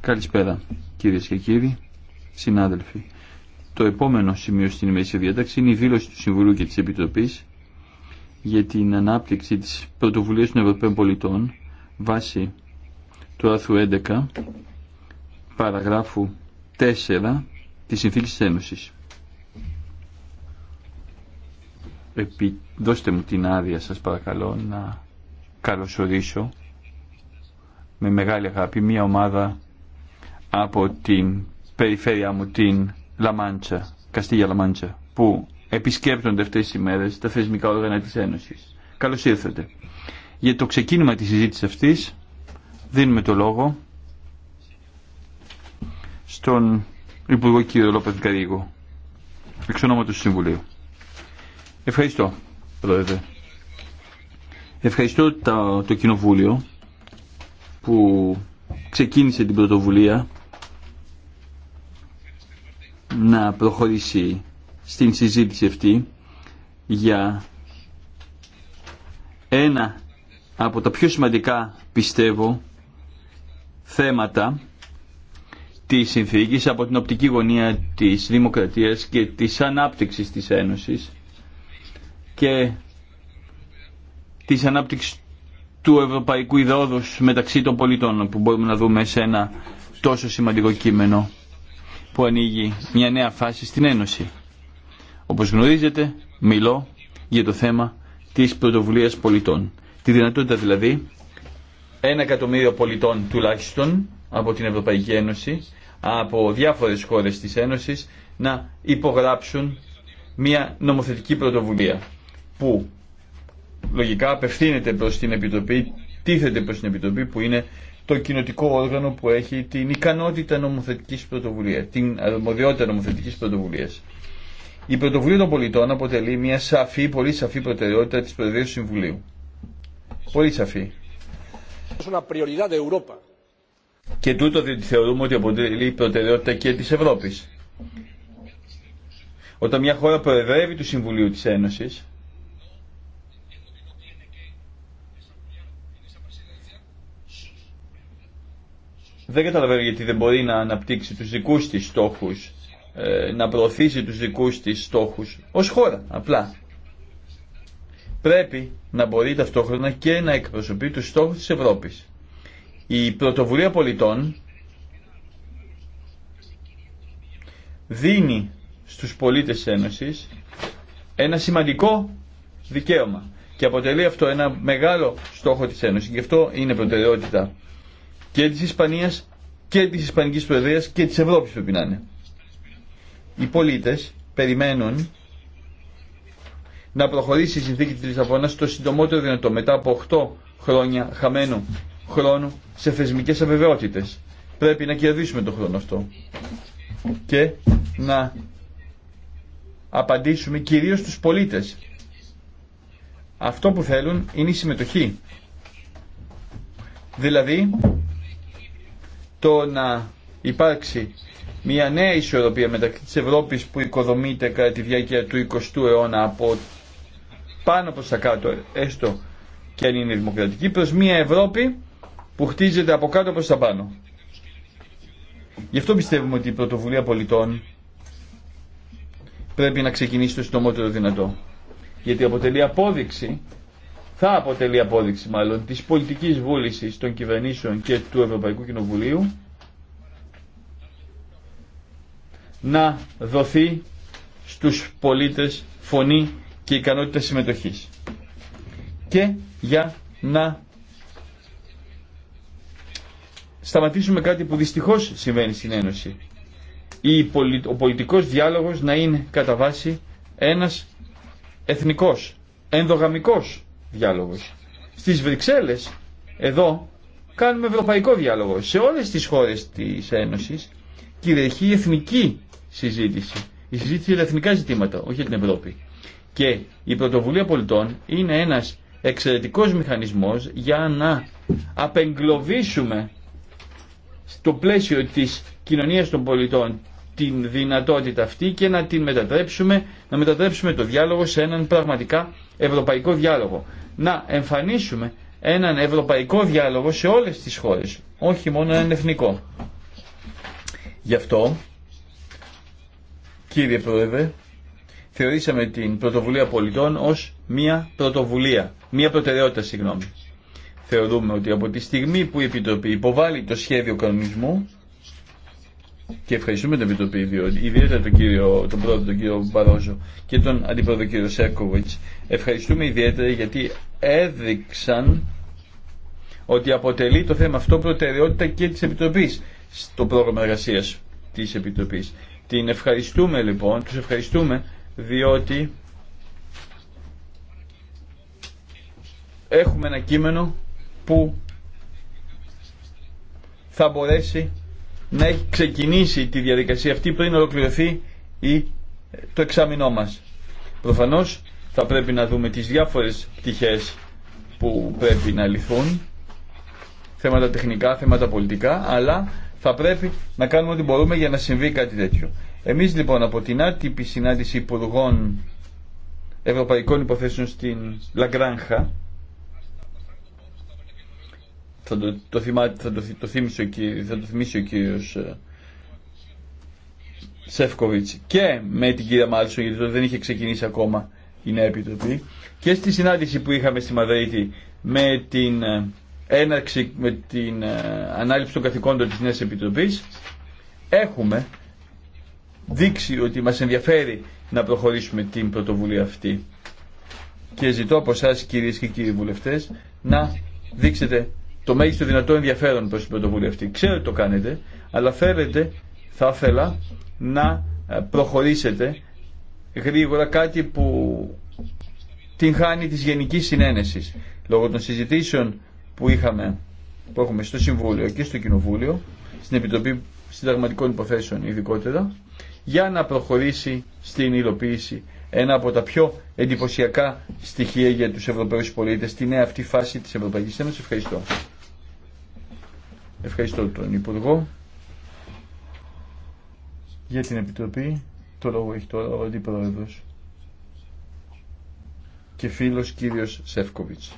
Καλησπέρα κύριε και κύριοι, συνάδελφοι. Το επόμενο σημείο στην ημερήσια διάταξη είναι η δήλωση του Συμβουλίου και τη Επιτροπή για την ανάπτυξη της πρωτοβουλία των Ευρωπαίων Πολιτών βάσει του άρθρου 11 παραγράφου 4 της Συνθήκης της Ένωσης. Δώστε μου την άδεια σας παρακαλώ να καλωσορίσω με μεγάλη αγάπη μια ομάδα από την περιφέρειά μου, την Λαμάντσα, Καστίγια Λαμάντσα, που επισκέπτονται αυτές τις ημέρες τα θεσμικά όργανα της Ένωσης. Καλώς ήρθατε. Για το ξεκίνημα της συζήτησης αυτής δίνουμε το λόγο στον Υπουργό κ. Λόπεθ Καρύγου εξ του Συμβουλίου. Ευχαριστώ, Πρόεδρε. Ευχαριστώ το Κοινοβούλιο που ξεκίνησε την πρωτοβουλία να προχωρήσει στην συζήτηση αυτή για ένα από τα πιο σημαντικά πιστεύω θέματα της συνθήκης από την οπτική γωνία της δημοκρατίας και της ανάπτυξης της Ένωσης και της ανάπτυξης του ευρωπαϊκού ιδεόδους μεταξύ των πολιτών που μπορούμε να δούμε σε ένα τόσο σημαντικό κείμενο που ανοίγει μια νέα φάση στην Ένωση. Όπως γνωρίζετε, μιλώ για το θέμα της πρωτοβουλία πολιτών. Τη δυνατότητα δηλαδή ένα εκατομμύριο πολιτών τουλάχιστον από την Ευρωπαϊκή Ένωση, από διάφορες χώρες της Ένωσης, να υπογράψουν μια νομοθετική πρωτοβουλία που λογικά απευθύνεται προς την Επιτροπή, τίθεται προς την Επιτροπή που είναι το κοινοτικό όργανο που έχει την ικανότητα νομοθετικής πρωτοβουλίας, την αρμοδιότητα νομοθετικής πρωτοβουλίας. Η πρωτοβουλία των πολιτών αποτελεί μια σαφή, πολύ σαφή προτεραιότητα της Προεδρίας Συμβουλίου. Πολύ σαφή. Και τούτο διότι θεωρούμε ότι αποτελεί προτεραιότητα και της Ευρώπης. Όταν μια χώρα προεδρεύει του Συμβουλίου της Ένωσης, Δεν καταλαβαίνω γιατί δεν μπορεί να αναπτύξει τους δικούς της στόχους, ε, να προωθήσει τους δικούς της στόχους, ως χώρα απλά. Πρέπει να μπορεί ταυτόχρονα και να εκπροσωπεί τους στόχους της Ευρώπης. Η πρωτοβουλία πολιτών δίνει στους πολίτες της Ένωσης ένα σημαντικό δικαίωμα και αποτελεί αυτό ένα μεγάλο στόχο της Ένωσης και αυτό είναι προτεραιότητα και της Ισπανίας και της Ισπανικής Προεδρίας και της Ευρώπης πρέπει να είναι. Οι πολίτες περιμένουν να προχωρήσει η συνθήκη της Λισαβόνας στο συντομότερο δυνατό μετά από 8 χρόνια χαμένου χρόνου σε θεσμικές αβεβαιότητες. Πρέπει να κερδίσουμε τον χρόνο αυτό και να απαντήσουμε κυρίως στους πολίτες. Αυτό που θέλουν είναι η συμμετοχή. Δηλαδή το να υπάρξει μια νέα ισορροπία μεταξύ της Ευρώπης που οικοδομείται κατά τη διάρκεια του 20ου αιώνα από πάνω προς τα κάτω, έστω και αν είναι δημοκρατική, προς μια Ευρώπη που χτίζεται από κάτω προς τα πάνω. Γι' αυτό πιστεύουμε ότι η πρωτοβουλία πολιτών πρέπει να ξεκινήσει το συντομότερο δυνατό. Γιατί αποτελεί απόδειξη θα αποτελεί απόδειξη μάλλον της πολιτικής βούλησης των κυβερνήσεων και του Ευρωπαϊκού Κοινοβουλίου να δοθεί στους πολίτες φωνή και ικανότητα συμμετοχής και για να σταματήσουμε κάτι που δυστυχώς συμβαίνει στην Ένωση ο πολιτικός διάλογος να είναι κατά βάση ένας εθνικός, ενδογαμικός διάλογος. Στις Βρυξέλλες, εδώ, κάνουμε ευρωπαϊκό διάλογο. Σε όλες τις χώρες της Ένωσης κυριαρχεί η εθνική συζήτηση. Η συζήτηση για εθνικά ζητήματα, όχι για την Ευρώπη. Και η πρωτοβουλία πολιτών είναι ένα εξαιρετικό μηχανισμός για να απεγκλωβίσουμε στο πλαίσιο της κοινωνίας των πολιτών την δυνατότητα αυτή και να την μετατρέψουμε, να μετατρέψουμε το διάλογο σε έναν πραγματικά ευρωπαϊκό διάλογο να εμφανίσουμε έναν ευρωπαϊκό διάλογο σε όλες τις χώρες, όχι μόνο έναν εθνικό. Γι' αυτό, κύριε Πρόεδρε, θεωρήσαμε την πρωτοβουλία πολιτών ως μία πρωτοβουλία, μία προτεραιότητα, συγγνώμη. Θεωρούμε ότι από τη στιγμή που η Επιτροπή υποβάλλει το σχέδιο κανονισμού, και ευχαριστούμε τον Επιτροπή, διότι ιδιαίτερα τον, κύριο, τον πρώτο, τον κύριο Μπαρόζο και τον αντιπρόεδρο κύριο Σέρκοβιτς. Ευχαριστούμε ιδιαίτερα γιατί έδειξαν ότι αποτελεί το θέμα αυτό προτεραιότητα και της Επιτροπής στο πρόγραμμα εργασία της Επιτροπής. Την ευχαριστούμε λοιπόν, τους ευχαριστούμε διότι έχουμε ένα κείμενο που θα μπορέσει να έχει ξεκινήσει τη διαδικασία αυτή πριν ολοκληρωθεί η, το εξάμεινό μας. Προφανώς θα πρέπει να δούμε τις διάφορες πτυχές που πρέπει να λυθούν, θέματα τεχνικά, θέματα πολιτικά, αλλά θα πρέπει να κάνουμε ό,τι μπορούμε για να συμβεί κάτι τέτοιο. Εμείς λοιπόν από την άτυπη συνάντηση υπουργών ευρωπαϊκών υποθέσεων στην Λαγκράνχα, θα το, το, το, το, θα το θυμίσει ο κύριος ε, και με την κυρία Μάλσο γιατί δεν είχε ξεκινήσει ακόμα η νέα επιτροπή και στη συνάντηση που είχαμε στη Μαδρίτη με την ε, έναρξη, με την ε, ανάληψη των καθηκόντων της νέας επιτροπής έχουμε δείξει ότι μας ενδιαφέρει να προχωρήσουμε την πρωτοβουλία αυτή και ζητώ από εσά κυρίες και κύριοι βουλευτές να δείξετε το μέγιστο δυνατό ενδιαφέρον προς την πρωτοβουλία αυτή. Ξέρω ότι το κάνετε, αλλά θέλετε, θα ήθελα να ε, προχωρήσετε γρήγορα κάτι που την χάνει της γενικής συνένεσης. Λόγω των συζητήσεων που είχαμε, που έχουμε στο Συμβούλιο και στο Κοινοβούλιο, στην Επιτροπή Συνταγματικών Υποθέσεων ειδικότερα, για να προχωρήσει στην υλοποίηση ένα από τα πιο εντυπωσιακά στοιχεία για τους Ευρωπαίους πολίτες στη νέα αυτή φάση της Ευρωπαϊκής Ένωσης. Ευχαριστώ. Ευχαριστώ τον Υπουργό για την Επιτροπή. Το λόγο έχει τώρα ο Αντιπρόεδρος και φίλος κύριος Σεύκοβιτς.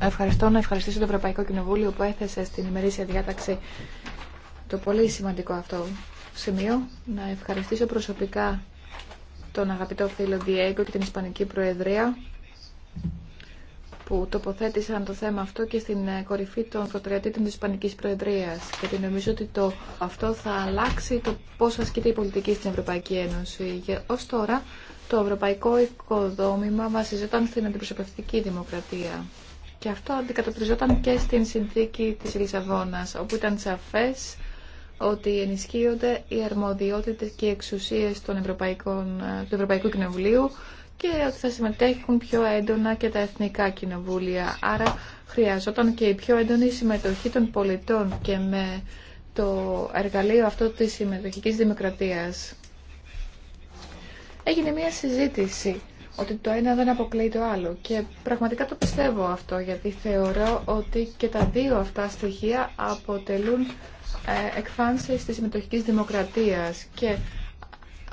Ευχαριστώ, να ευχαριστήσω το Ευρωπαϊκό Κοινοβούλιο που έθεσε στην ημερήσια διάταξη το πολύ σημαντικό αυτό σημείο. Να ευχαριστήσω προσωπικά τον αγαπητό φίλο Διέγκο και την Ισπανική Προεδρία που τοποθέτησαν το θέμα αυτό και στην ε, κορυφή των προτεραιοτήτων της Ισπανικής Προεδρίας. Γιατί νομίζω ότι το, αυτό θα αλλάξει το πώς ασκείται η πολιτική στην Ευρωπαϊκή Ένωση. Και ως τώρα το ευρωπαϊκό οικοδόμημα βασιζόταν στην αντιπροσωπευτική δημοκρατία. Και αυτό αντικατοπτριζόταν και στην συνθήκη της Λισαβόνας, όπου ήταν σαφές ότι ενισχύονται οι αρμοδιότητες και οι εξουσίες των ε, του Ευρωπαϊκού Κοινοβουλίου και ότι θα συμμετέχουν πιο έντονα και τα εθνικά κοινοβούλια. Άρα χρειαζόταν και η πιο έντονη συμμετοχή των πολιτών και με το εργαλείο αυτό της συμμετοχικής δημοκρατίας. Έγινε μια συζήτηση ότι το ένα δεν αποκλείει το άλλο και πραγματικά το πιστεύω αυτό γιατί θεωρώ ότι και τα δύο αυτά στοιχεία αποτελούν ε, εκφάνσεις της συμμετοχικής δημοκρατίας και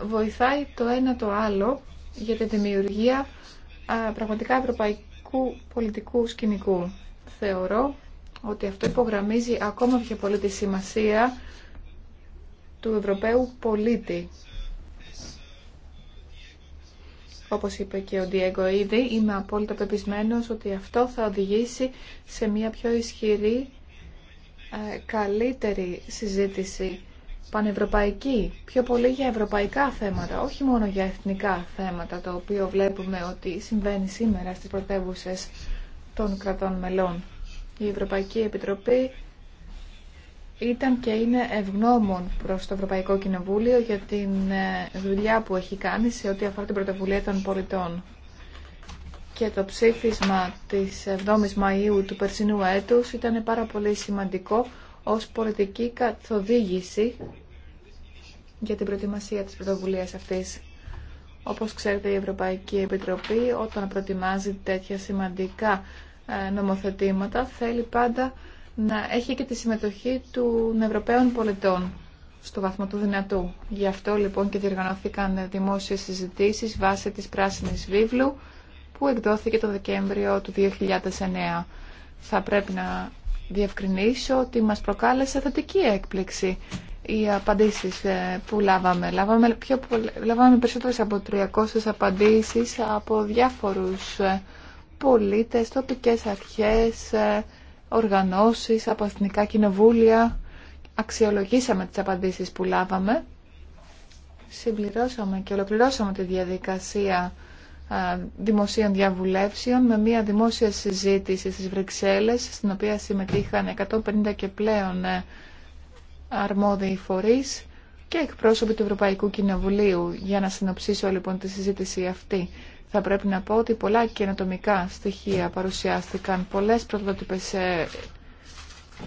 βοηθάει το ένα το άλλο για τη δημιουργία πραγματικά ευρωπαϊκού πολιτικού σκηνικού. Θεωρώ ότι αυτό υπογραμμίζει ακόμα πιο πολύ τη σημασία του Ευρωπαίου πολίτη. Όπως είπε και ο Ντιέγκο ήδη, είμαι απόλυτα πεπισμένος ότι αυτό θα οδηγήσει σε μια πιο ισχυρή, καλύτερη συζήτηση πανευρωπαϊκή, πιο πολύ για ευρωπαϊκά θέματα, όχι μόνο για εθνικά θέματα, το οποίο βλέπουμε ότι συμβαίνει σήμερα στις πρωτεύουσε των κρατών μελών. Η Ευρωπαϊκή Επιτροπή ήταν και είναι ευγνώμων προς το Ευρωπαϊκό Κοινοβούλιο για την ε, δουλειά που έχει κάνει σε ό,τι αφορά την πρωτοβουλία των πολιτών. Και το ψήφισμα της 7ης Μαΐου του περσινού έτους ήταν πάρα πολύ σημαντικό ως πολιτική καθοδήγηση για την προετοιμασία της πρωτοβουλίας αυτής. Όπως ξέρετε η Ευρωπαϊκή Επιτροπή όταν προετοιμάζει τέτοια σημαντικά ε, νομοθετήματα θέλει πάντα να έχει και τη συμμετοχή των Ευρωπαίων πολιτών στο βαθμό του δυνατού. Γι' αυτό λοιπόν και διοργανώθηκαν δημόσιες συζητήσεις βάσει της Πράσινης Βίβλου που εκδόθηκε το Δεκέμβριο του 2009. Θα πρέπει να διευκρινίσω ότι μας προκάλεσε θετική έκπληξη οι απαντήσεις ε, που λάβαμε. Λάβαμε, πιο, λάβαμε περισσότερες από 300 απαντήσεις από διάφορους ε, πολίτες, τοπικές αρχές, ε, οργανώσεις, από εθνικά κοινοβούλια. Αξιολογήσαμε τις απαντήσεις που λάβαμε. Συμπληρώσαμε και ολοκληρώσαμε τη διαδικασία δημοσίων διαβουλεύσεων με μια δημόσια συζήτηση στις Βρυξέλλες στην οποία συμμετείχαν 150 και πλέον ε, αρμόδιοι φορείς και εκπρόσωποι του Ευρωπαϊκού Κοινοβουλίου για να συνοψίσω λοιπόν τη συζήτηση αυτή. Θα πρέπει να πω ότι πολλά καινοτομικά στοιχεία παρουσιάστηκαν, πολλές πρωτότυπες ε,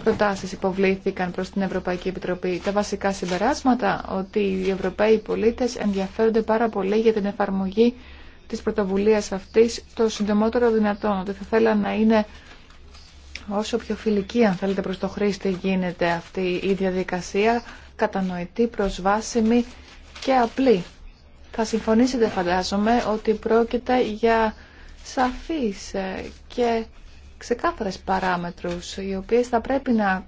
προτάσεις υποβλήθηκαν προς την Ευρωπαϊκή Επιτροπή. Τα βασικά συμπεράσματα ότι οι Ευρωπαίοι πολίτες ενδιαφέρονται πάρα πολύ για την εφαρμογή Τη πρωτοβουλία αυτή το συντομότερο δυνατόν, ότι θα θέλα να είναι όσο πιο φιλική αν θέλετε προς το χρήστη γίνεται αυτή η διαδικασία, κατανοητή, προσβάσιμη και απλή. Θα συμφωνήσετε φαντάζομαι ότι πρόκειται για σαφείς ε, και ξεκάθαρες παράμετρους οι οποίες θα πρέπει να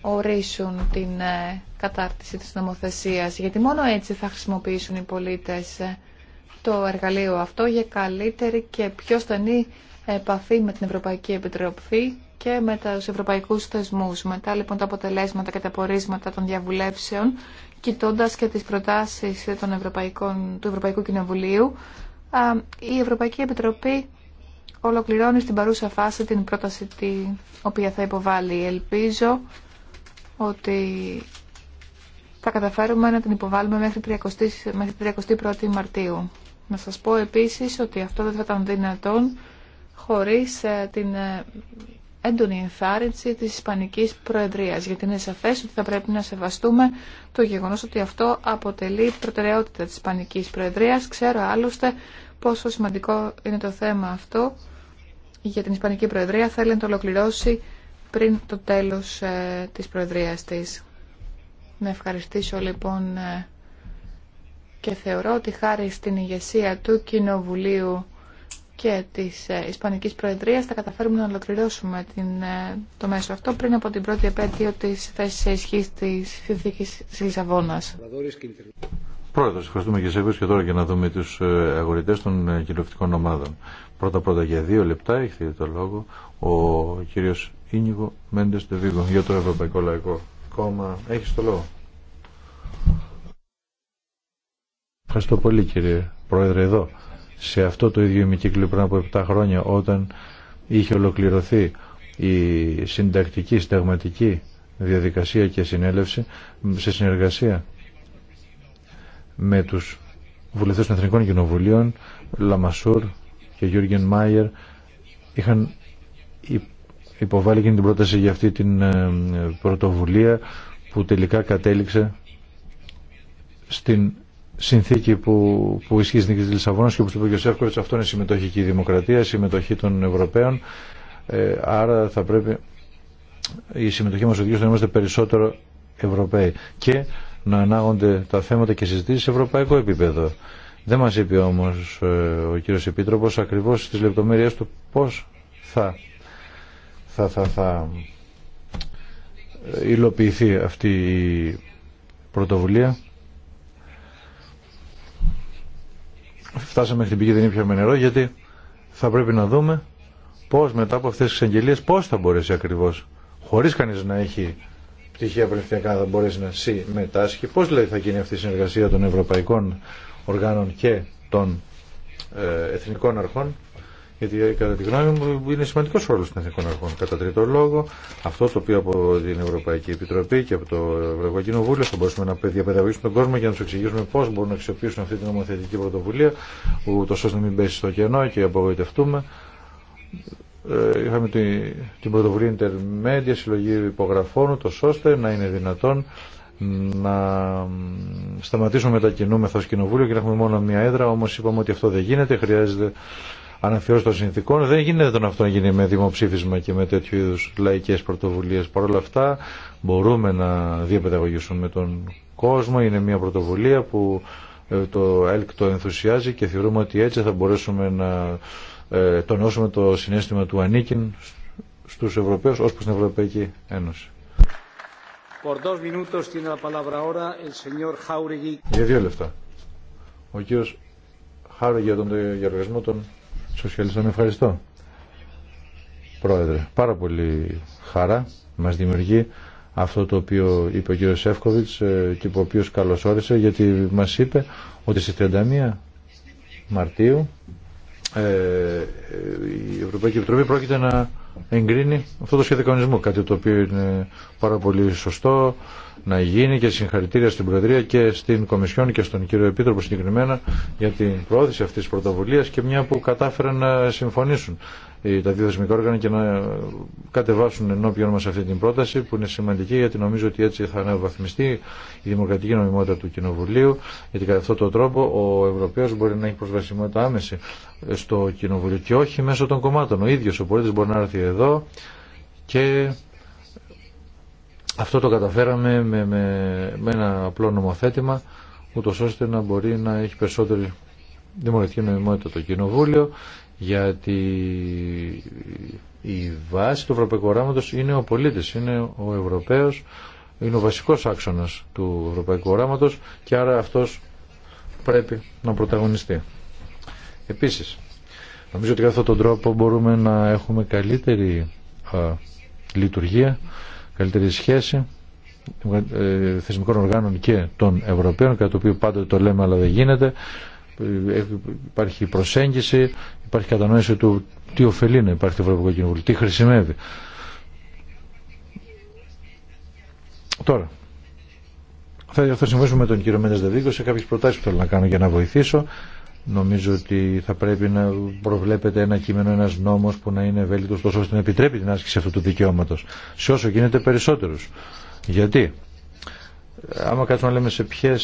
ορίσουν την ε, κατάρτιση της νομοθεσίας γιατί μόνο έτσι θα χρησιμοποιήσουν οι πολίτες ε, το εργαλείο αυτό για καλύτερη και πιο στενή επαφή με την Ευρωπαϊκή Επιτροπή και με του Ευρωπαϊκού θεσμού. Μετά λοιπόν τα αποτελέσματα και τα πορίσματα των διαβουλεύσεων, κοιτώντα και τι προτάσει του Ευρωπαϊκού Κοινοβουλίου, η Ευρωπαϊκή Επιτροπή ολοκληρώνει στην παρούσα φάση την πρόταση την οποία θα υποβάλει. Ελπίζω ότι θα καταφέρουμε να την υποβάλουμε μέχρι Μαρτίου. Να σας πω επίσης ότι αυτό δεν θα ήταν δυνατόν χωρίς ε, την ε, έντονη ενθάρρυνση της Ισπανικής Προεδρίας, γιατί είναι σαφές ότι θα πρέπει να σεβαστούμε το γεγονός ότι αυτό αποτελεί προτεραιότητα της Ισπανικής Προεδρίας. Ξέρω άλλωστε πόσο σημαντικό είναι το θέμα αυτό για την Ισπανική Προεδρία. Θέλει να το ολοκληρώσει πριν το τέλος ε, της Προεδρίας της. Να ευχαριστήσω λοιπόν και θεωρώ ότι χάρη στην ηγεσία του Κοινοβουλίου και της ε, Ισπανική Προεδρία θα καταφέρουμε να ολοκληρώσουμε την, ε, το μέσο αυτό πριν από την πρώτη επέτειο τη θέση ισχύ τη συνθήκης της Λισαβόνας. Πρόεδρος, ευχαριστούμε και σε και τώρα για να δούμε του ε, αγορητέ των κοινοβουλευτικών ομάδων. Πρώτα-πρώτα για δύο λεπτά έχει το λόγο ο κύριο Ίνιγο Μέντε Τεβίγκο για το Ευρωπαϊκό Λαϊκό Κόμμα. Έχει το λόγο. Ευχαριστώ πολύ κύριε Πρόεδρε εδώ. Σε αυτό το ίδιο ημικύκλιο πριν από 7 χρόνια όταν είχε ολοκληρωθεί η συντακτική, συνταγματική διαδικασία και συνέλευση σε συνεργασία με τους βουλευτές των Εθνικών Κοινοβουλίων Λαμασούρ και Γιούργεν Μάιερ είχαν υποβάλει και την πρόταση για αυτή την ε, πρωτοβουλία που τελικά κατέληξε στην συνθήκη που, που ισχύει στην νίκη τη Λισαβόνα και όπω είπε ο Σεύκοβιτ, αυτό είναι συμμετοχή η δημοκρατία, συμμετοχή των Ευρωπαίων. Ε, άρα θα πρέπει η συμμετοχή μα οδηγεί στο να είμαστε περισσότερο Ευρωπαίοι και να ανάγονται τα θέματα και συζητήσει σε ευρωπαϊκό επίπεδο. Δεν μα είπε όμω ε, ο κύριο Επίτροπο ακριβώ τι λεπτομέρειέ του πώ θα, θα, θα, θα ε, υλοποιηθεί αυτή η πρωτοβουλία φτάσαμε μέχρι την πηγή δεν ήπιαμε νερό γιατί θα πρέπει να δούμε πώς μετά από αυτές τις εξαγγελίες πώς θα μπορέσει ακριβώς χωρίς κανείς να έχει πτυχία πνευματικά θα μπορέσει να συμμετάσχει πώς δηλαδή θα γίνει αυτή η συνεργασία των ευρωπαϊκών οργάνων και των ε, εθνικών αρχών γιατί κατά τη γνώμη μου είναι σημαντικό ρόλος των εθνικών αρχών. Κατά τρίτο λόγο, αυτό το οποίο από την Ευρωπαϊκή Επιτροπή και από το Ευρωπαϊκό Κοινοβούλιο θα μπορούσαμε να διαπαιδαγωγήσουμε τον κόσμο για να του εξηγήσουμε πώ μπορούν να αξιοποιήσουν αυτή την νομοθετική πρωτοβουλία, ούτω ώστε να μην πέσει στο κενό και απογοητευτούμε. Ε, είχαμε την πρωτοβουλία Intermedia, συλλογή υπογραφών, ούτω ώστε να είναι δυνατόν να σταματήσουμε μετακινούμεθα ω κοινοβούλιο και να έχουμε μόνο μία έδρα, όμω είπαμε ότι αυτό δεν γίνεται, χρειάζεται αναφιέρωση των συνθήκων. Δεν γίνεται τον αυτό να γίνει με δημοψήφισμα και με τέτοιου είδου λαϊκέ πρωτοβουλίε. Παρ' όλα αυτά μπορούμε να διαπαιδαγωγήσουμε τον κόσμο. Είναι μια πρωτοβουλία που ε, το ΕΛΚ το ενθουσιάζει και θεωρούμε ότι έτσι θα μπορέσουμε να ε, τονώσουμε το συνέστημα του ανήκειν στους Ευρωπαίους ως προ την Ευρωπαϊκή Ένωση. Για δύο Ο κύριος για τον των Σοσιαλιστών ευχαριστώ. Πρόεδρε, πάρα πολύ χαρά μας δημιουργεί αυτό το οποίο είπε ο κ. Σεύκοβιτς ε, και ο οποίος καλωσόρισε γιατί μας είπε ότι στις 31 Μαρτίου ε, η Ευρωπαϊκή Επιτροπή πρόκειται να εγκρίνει αυτό το σχέδιο κάτι το οποίο είναι πάρα πολύ σωστό, να γίνει και συγχαρητήρια στην Προεδρία και στην Κομισιόν και στον κύριο Επίτροπο συγκεκριμένα για την προώθηση αυτής της πρωτοβουλίας και μια που κατάφεραν να συμφωνήσουν τα δύο θεσμικά όργανα και να κατεβάσουν ενώπιον μας αυτή την πρόταση που είναι σημαντική γιατί νομίζω ότι έτσι θα αναβαθμιστεί η δημοκρατική νομιμότητα του Κοινοβουλίου γιατί κατά αυτόν τον τρόπο ο Ευρωπαίος μπορεί να έχει προσβασιμότητα άμεση στο Κοινοβουλίο και όχι μέσω των κομμάτων. Ο ίδιος ο πολιτή μπορεί να έρθει εδώ και αυτό το καταφέραμε με, με, με ένα απλό νομοθέτημα, ούτω ώστε να μπορεί να έχει περισσότερη δημοκρατική νομιμότητα το Κοινοβούλιο, γιατί η βάση του Ευρωπαϊκού Οράματο είναι ο πολίτης, είναι ο Ευρωπαίος, είναι ο βασικός άξονας του Ευρωπαϊκού Οράματο και άρα αυτός πρέπει να πρωταγωνιστεί. Επίσης, νομίζω ότι με αυτόν τον τρόπο μπορούμε να έχουμε καλύτερη λειτουργία καλύτερη σχέση ε, θεσμικών οργάνων και των Ευρωπαίων, κατά το οποίο πάντοτε το λέμε αλλά δεν γίνεται. Ε, υπάρχει προσέγγιση, υπάρχει κατανόηση του τι ωφελεί να υπάρχει το Ευρωπαϊκό Κοινοβούλιο, τι χρησιμεύει. Τώρα, θα, συμβούσουμε με τον κύριο Μέντες Δεδίκο σε κάποιες προτάσεις που θέλω να κάνω για να βοηθήσω Νομίζω ότι θα πρέπει να προβλέπεται ένα κείμενο, ένα νόμο που να είναι ευέλικτο, τόσο ώστε να επιτρέπει την άσκηση αυτού του δικαιώματο. σε όσο γίνεται περισσότερου. Γιατί άμα κάτσουμε να λέμε σε ποιε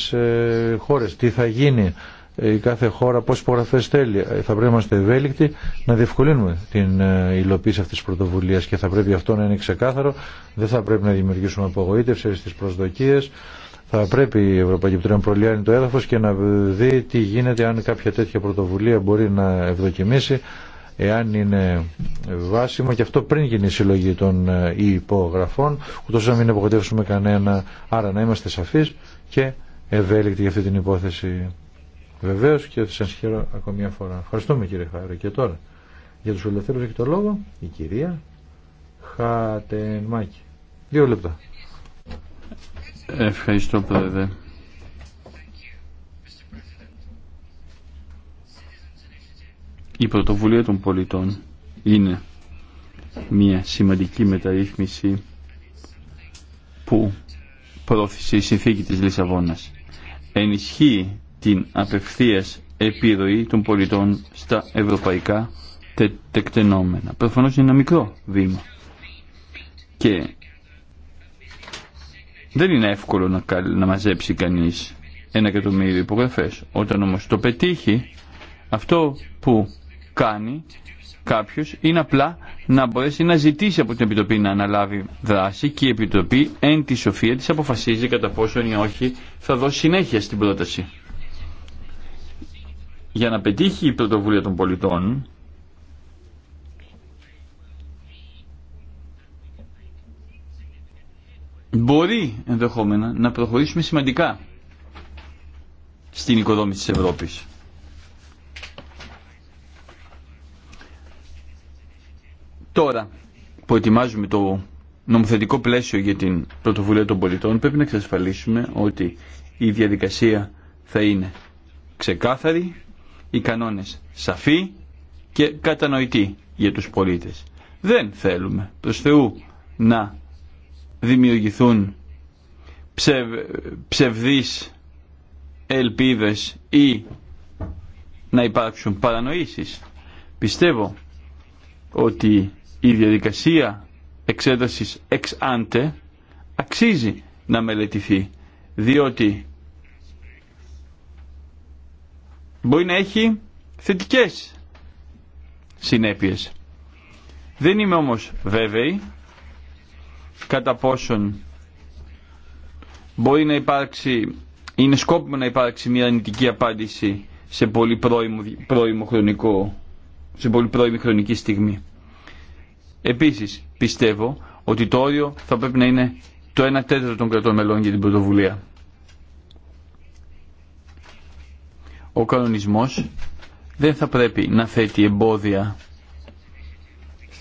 χώρε τι θα γίνει, ε, η κάθε χώρα πόσε υπογραφέ θέλει. Ε, θα πρέπει να είμαστε ευέλικτοι να διευκολύνουμε την ε, υλοποίηση αυτή τη πρωτοβουλία και θα πρέπει αυτό να είναι ξεκάθαρο. Δεν θα πρέπει να δημιουργήσουμε απογοήτευση στι προσδοκίε θα πρέπει η Ευρωπαϊκή Επιτροπή να προλυάνει το έδαφος και να δει τι γίνεται αν κάποια τέτοια πρωτοβουλία μπορεί να ευδοκιμήσει εάν είναι βάσιμο και αυτό πριν γίνει η συλλογή των ε, υπογραφών ούτως να μην απογοητεύσουμε κανένα άρα να είμαστε σαφείς και ευέλικτοι για αυτή την υπόθεση Βεβαίω και σα χαίρω ακόμη μια φορά. Ευχαριστούμε κύριε Χάρη. Και τώρα για του ελευθέρου έχει το λόγο η κυρία Χατενμάκη. Δύο λεπτά. Ευχαριστώ πρόεδρε. Η πρωτοβουλία των πολιτών είναι μια σημαντική μεταρρύθμιση που πρόθεσε η συνθήκη της Λισαβόνας. Ενισχύει την απευθείας επιρροή των πολιτών στα ευρωπαϊκά τεκτενόμενα. Προφανώς είναι ένα μικρό βήμα και δεν είναι εύκολο να, μαζέψει κανείς ένα εκατομμύριο υπογραφές. Όταν όμως το πετύχει, αυτό που κάνει κάποιος είναι απλά να μπορέσει να ζητήσει από την Επιτροπή να αναλάβει δράση και η Επιτροπή εν τη σοφία της αποφασίζει κατά πόσον ή όχι θα δώσει συνέχεια στην πρόταση. Για να πετύχει η πρωτοβουλία των πολιτών μπορεί ενδεχόμενα να προχωρήσουμε σημαντικά στην οικοδόμηση της Ευρώπης. Τώρα που ετοιμάζουμε το νομοθετικό πλαίσιο για την πρωτοβουλία των πολιτών πρέπει να εξασφαλίσουμε ότι η διαδικασία θα είναι ξεκάθαρη, οι κανόνες σαφή και κατανοητοί για τους πολίτες. Δεν θέλουμε προς Θεού να δημιουργηθούν ψευ, ψευδείς ελπίδες ή να υπάρξουν παρανοήσεις. Πιστεύω ότι η διαδικασία εξέτασης εξ άντε αξίζει να μελετηθεί διότι μπορεί να έχει θετικές συνέπειες. Δεν είμαι όμως βέβαιη κατά πόσον μπορεί να υπάρξει, είναι σκόπιμο να υπάρξει μια αρνητική απάντηση σε πολύ πρώιμο, πρώιμο σε πολύ πρώιμη χρονική στιγμή. Επίσης, πιστεύω ότι το όριο θα πρέπει να είναι το 1 τέταρτο των κρατών μελών για την πρωτοβουλία. Ο κανονισμός δεν θα πρέπει να θέτει εμπόδια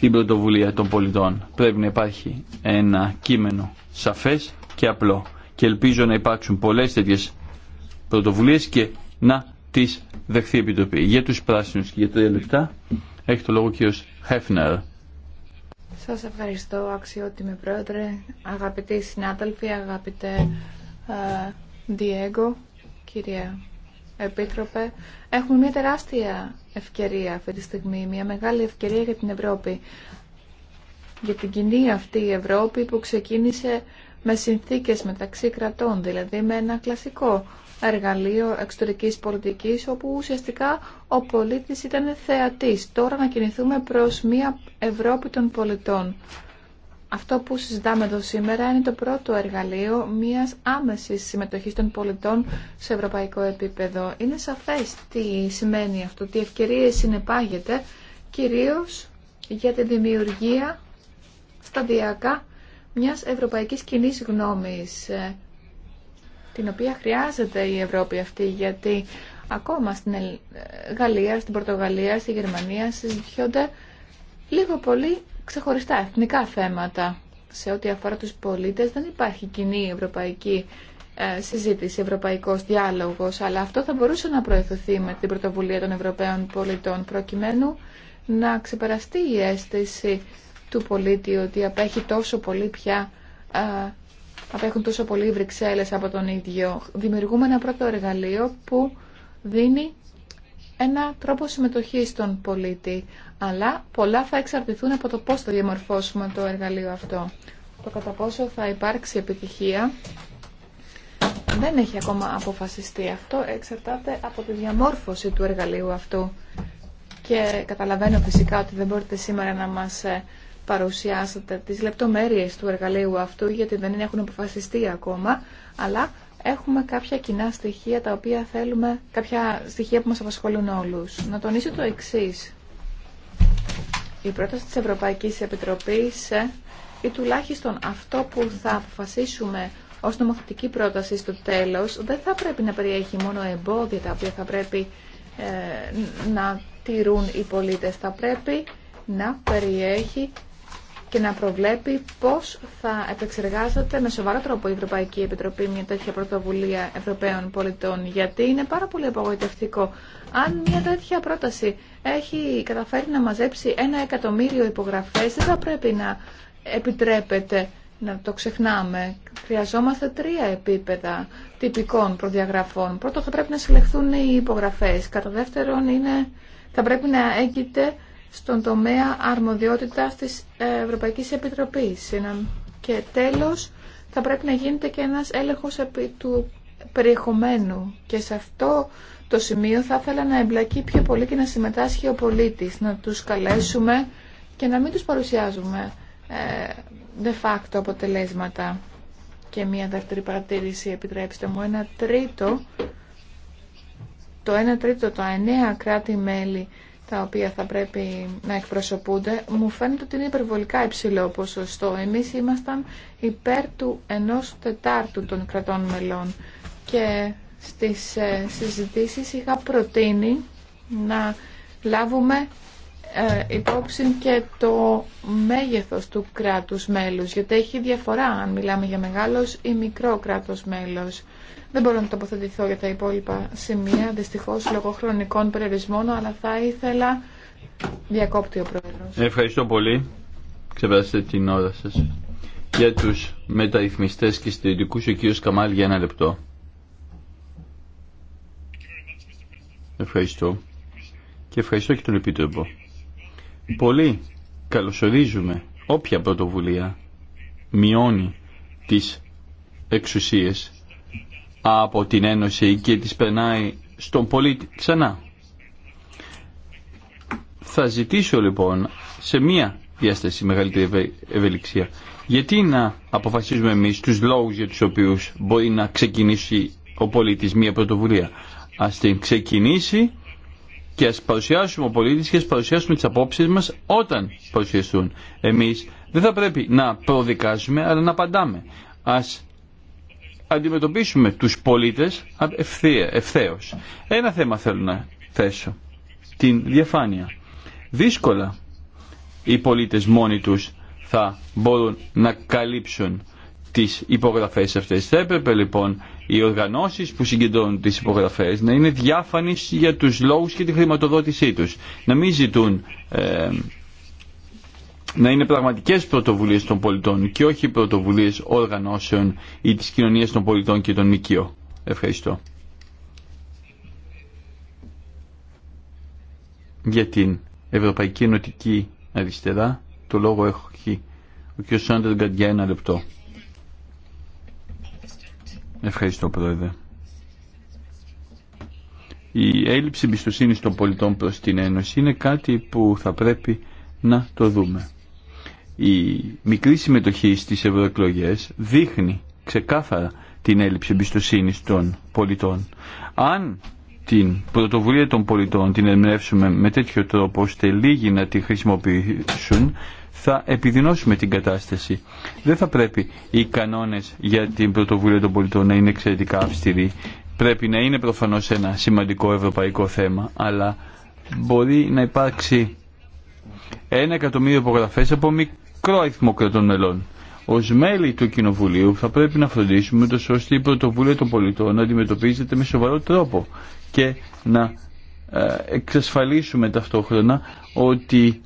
στην πρωτοβουλία των πολιτών. Πρέπει να υπάρχει ένα κείμενο σαφές και απλό και ελπίζω να υπάρξουν πολλές τέτοιε πρωτοβουλίες και να τις δεχθεί η Επιτροπή. Για τους πράσινους και για τρία λεπτά έχει το λόγο ο κύριος Χέφνερ. Σας ευχαριστώ αξιότιμη πρόεδρε, αγαπητοί συνάδελφοι, αγαπητέ Διέγκο, ε, κυρία Επίτροπε, έχουμε μια τεράστια ευκαιρία αυτή τη στιγμή, μια μεγάλη ευκαιρία για την Ευρώπη. Για την κοινή αυτή η Ευρώπη που ξεκίνησε με συνθήκες μεταξύ κρατών, δηλαδή με ένα κλασικό εργαλείο εξωτερικής πολιτικής, όπου ουσιαστικά ο πολίτης ήταν θεατής. Τώρα να κινηθούμε προς μια Ευρώπη των πολιτών. Αυτό που συζητάμε εδώ σήμερα είναι το πρώτο εργαλείο μιας άμεσης συμμετοχής των πολιτών σε ευρωπαϊκό επίπεδο. Είναι σαφές τι σημαίνει αυτό, τι ευκαιρίες συνεπάγεται, κυρίως για τη δημιουργία σταδιακά μιας ευρωπαϊκής κοινή γνώμης, ε, την οποία χρειάζεται η Ευρώπη αυτή, γιατί ακόμα στην ε, Γαλλία, στην Πορτογαλία, στη Γερμανία συζητιόνται λίγο πολύ ξεχωριστά εθνικά θέματα. Σε ό,τι αφορά τους πολίτες δεν υπάρχει κοινή ευρωπαϊκή ε, συζήτηση, ευρωπαϊκός διάλογος, αλλά αυτό θα μπορούσε να προεθωθεί με την πρωτοβουλία των Ευρωπαίων πολιτών προκειμένου να ξεπεραστεί η αίσθηση του πολίτη ότι απέχει τόσο πολύ πια ε, απέχουν τόσο πολύ οι από τον ίδιο. Δημιουργούμε ένα πρώτο εργαλείο που δίνει ένα τρόπο συμμετοχής των πολίτη, αλλά πολλά θα εξαρτηθούν από το πώς θα διαμορφώσουμε το εργαλείο αυτό. Το κατά πόσο θα υπάρξει επιτυχία δεν έχει ακόμα αποφασιστεί αυτό, εξαρτάται από τη διαμόρφωση του εργαλείου αυτού. Και καταλαβαίνω φυσικά ότι δεν μπορείτε σήμερα να μας ε, παρουσιάσετε τις λεπτομέρειες του εργαλείου αυτού, γιατί δεν έχουν αποφασιστεί ακόμα, αλλά έχουμε κάποια κοινά στοιχεία τα οποία θέλουμε, κάποια στοιχεία που μας απασχολούν όλους. Να τονίσω το εξή, Η πρόταση της Ευρωπαϊκής Επιτροπής ε, ή τουλάχιστον αυτό που θα αποφασίσουμε ως νομοθετική πρόταση στο τέλος δεν θα πρέπει να περιέχει μόνο εμπόδια τα οποία θα πρέπει ε, να τηρούν οι πολίτες. Θα πρέπει να περιέχει και να προβλέπει πώς θα επεξεργάζεται με σοβαρό τρόπο η Ευρωπαϊκή Επιτροπή μια τέτοια πρωτοβουλία Ευρωπαίων πολιτών. Γιατί είναι πάρα πολύ απογοητευτικό αν μια τέτοια πρόταση έχει καταφέρει να μαζέψει ένα εκατομμύριο υπογραφές δεν θα πρέπει να επιτρέπεται να το ξεχνάμε. Χρειαζόμαστε τρία επίπεδα τυπικών προδιαγραφών. Πρώτον θα πρέπει να συλλεχθούν οι υπογραφές. Κατά δεύτερον είναι, θα πρέπει να έγκυται στον τομέα αρμοδιότητας της Ευρωπαϊκής Επιτροπής. Και τέλος, θα πρέπει να γίνεται και ένας έλεγχος επί του περιεχομένου. Και σε αυτό το σημείο θα ήθελα να εμπλακεί πιο πολύ και να συμμετάσχει ο πολίτης, να τους καλέσουμε και να μην τους παρουσιάζουμε ε, de facto αποτελέσματα. Και μία δεύτερη παρατήρηση, επιτρέψτε μου, ένα τρίτο, το 1 τρίτο, το εννέα κράτη-μέλη τα οποία θα πρέπει να εκπροσωπούνται, μου φαίνεται ότι είναι υπερβολικά υψηλό ποσοστό. Εμείς ήμασταν υπέρ του ενός τετάρτου των κρατών μελών και στις ε, συζητήσεις είχα προτείνει να λάβουμε ε, υπόψη και το μέγεθος του κράτους μέλους, γιατί έχει διαφορά αν μιλάμε για μεγάλος ή μικρό κράτος μέλος. Δεν μπορώ να τοποθετηθώ για τα υπόλοιπα σημεία, δυστυχώς λόγω χρονικών περιορισμών, αλλά θα ήθελα διακόπτει ο Πρόεδρος. Ευχαριστώ πολύ. Ξεπεράσετε την ώρα σας. Για τους μεταρρυθμιστές και συντηρητικούς, ο κύριος Καμάλ για ένα λεπτό. Ευχαριστώ. Και ευχαριστώ και τον Επίτροπο. Πολύ καλωσορίζουμε όποια πρωτοβουλία μειώνει τις εξουσίες από την Ένωση και τις περνάει στον πολίτη ξανά. Θα ζητήσω λοιπόν σε μία διάσταση μεγαλύτερη ευελιξία. Γιατί να αποφασίζουμε εμείς τους λόγους για τους οποίους μπορεί να ξεκινήσει ο πολίτης μία πρωτοβουλία. Ας την ξεκινήσει και ας παρουσιάσουμε ο πολίτης και ας παρουσιάσουμε τις απόψεις μας όταν παρουσιαστούν. Εμείς δεν θα πρέπει να προδικάζουμε αλλά να απαντάμε. Ας αντιμετωπίσουμε τους πολίτες ευθεία, ευθέως. Ένα θέμα θέλω να θέσω. Την διαφάνεια. Δύσκολα οι πολίτες μόνοι τους θα μπορούν να καλύψουν τις υπογραφές αυτές. Θα έπρεπε λοιπόν οι οργανώσεις που συγκεντρώνουν τις υπογραφές να είναι διάφανες για τους λόγους και τη χρηματοδότησή τους. Να μην ζητούν ε, να είναι πραγματικές πρωτοβουλίες των πολιτών και όχι πρωτοβουλίες οργανώσεων ή της κοινωνίας των πολιτών και των νοικίων. Ευχαριστώ. Για την Ευρωπαϊκή Ενωτική Αριστερά το λόγο έχει ο κ. Σάντερ για ένα λεπτό. Ευχαριστώ Πρόεδρε. Η έλλειψη εμπιστοσύνη των πολιτών προς την Ένωση είναι κάτι που θα πρέπει να το δούμε. Η μικρή συμμετοχή στις ευρωεκλογέ δείχνει ξεκάθαρα την έλλειψη εμπιστοσύνη των πολιτών. Αν την πρωτοβουλία των πολιτών την ερμηνεύσουμε με τέτοιο τρόπο ώστε λίγοι να τη χρησιμοποιήσουν, θα επιδεινώσουμε την κατάσταση. Δεν θα πρέπει οι κανόνες για την πρωτοβουλία των πολιτών να είναι εξαιρετικά αυστηροί. Πρέπει να είναι προφανώς ένα σημαντικό ευρωπαϊκό θέμα, αλλά μπορεί να υπάρξει ένα εκατομμύριο υπογραφέ από μικρό αριθμό κρατών μελών. Ω μέλη του Κοινοβουλίου θα πρέπει να φροντίσουμε το ώστε η πρωτοβουλία των πολιτών να αντιμετωπίζεται με σοβαρό τρόπο και να ε, εξασφαλίσουμε ταυτόχρονα ότι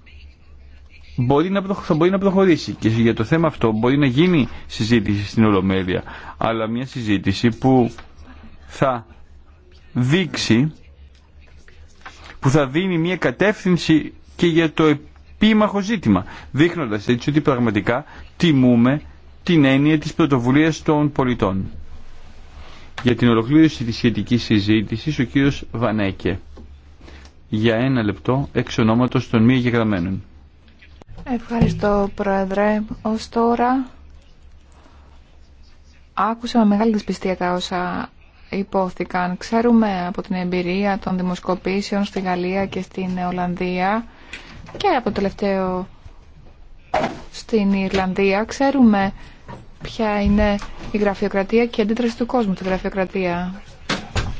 μπορεί να, θα μπορεί να προχωρήσει και για το θέμα αυτό μπορεί να γίνει συζήτηση στην Ολομέλεια αλλά μια συζήτηση που θα δείξει που θα δίνει μια κατεύθυνση και για το επίμαχο ζήτημα δείχνοντας έτσι ότι πραγματικά τιμούμε την έννοια της πρωτοβουλίας των πολιτών. Για την ολοκλήρωση της σχετικής συζήτησης ο κύριος Βανέκε για ένα λεπτό εξ ονόματος των μη εγγεγραμμένων. Ευχαριστώ, Πρόεδρε. Ω τώρα άκουσα με μεγάλη δυσπιστία τα όσα υπόθηκαν. Ξέρουμε από την εμπειρία των δημοσκοπήσεων στη Γαλλία και στην Ολλανδία και από το τελευταίο στην Ιρλανδία. Ξέρουμε ποια είναι η γραφειοκρατία και η αντίδραση του κόσμου στη γραφειοκρατία.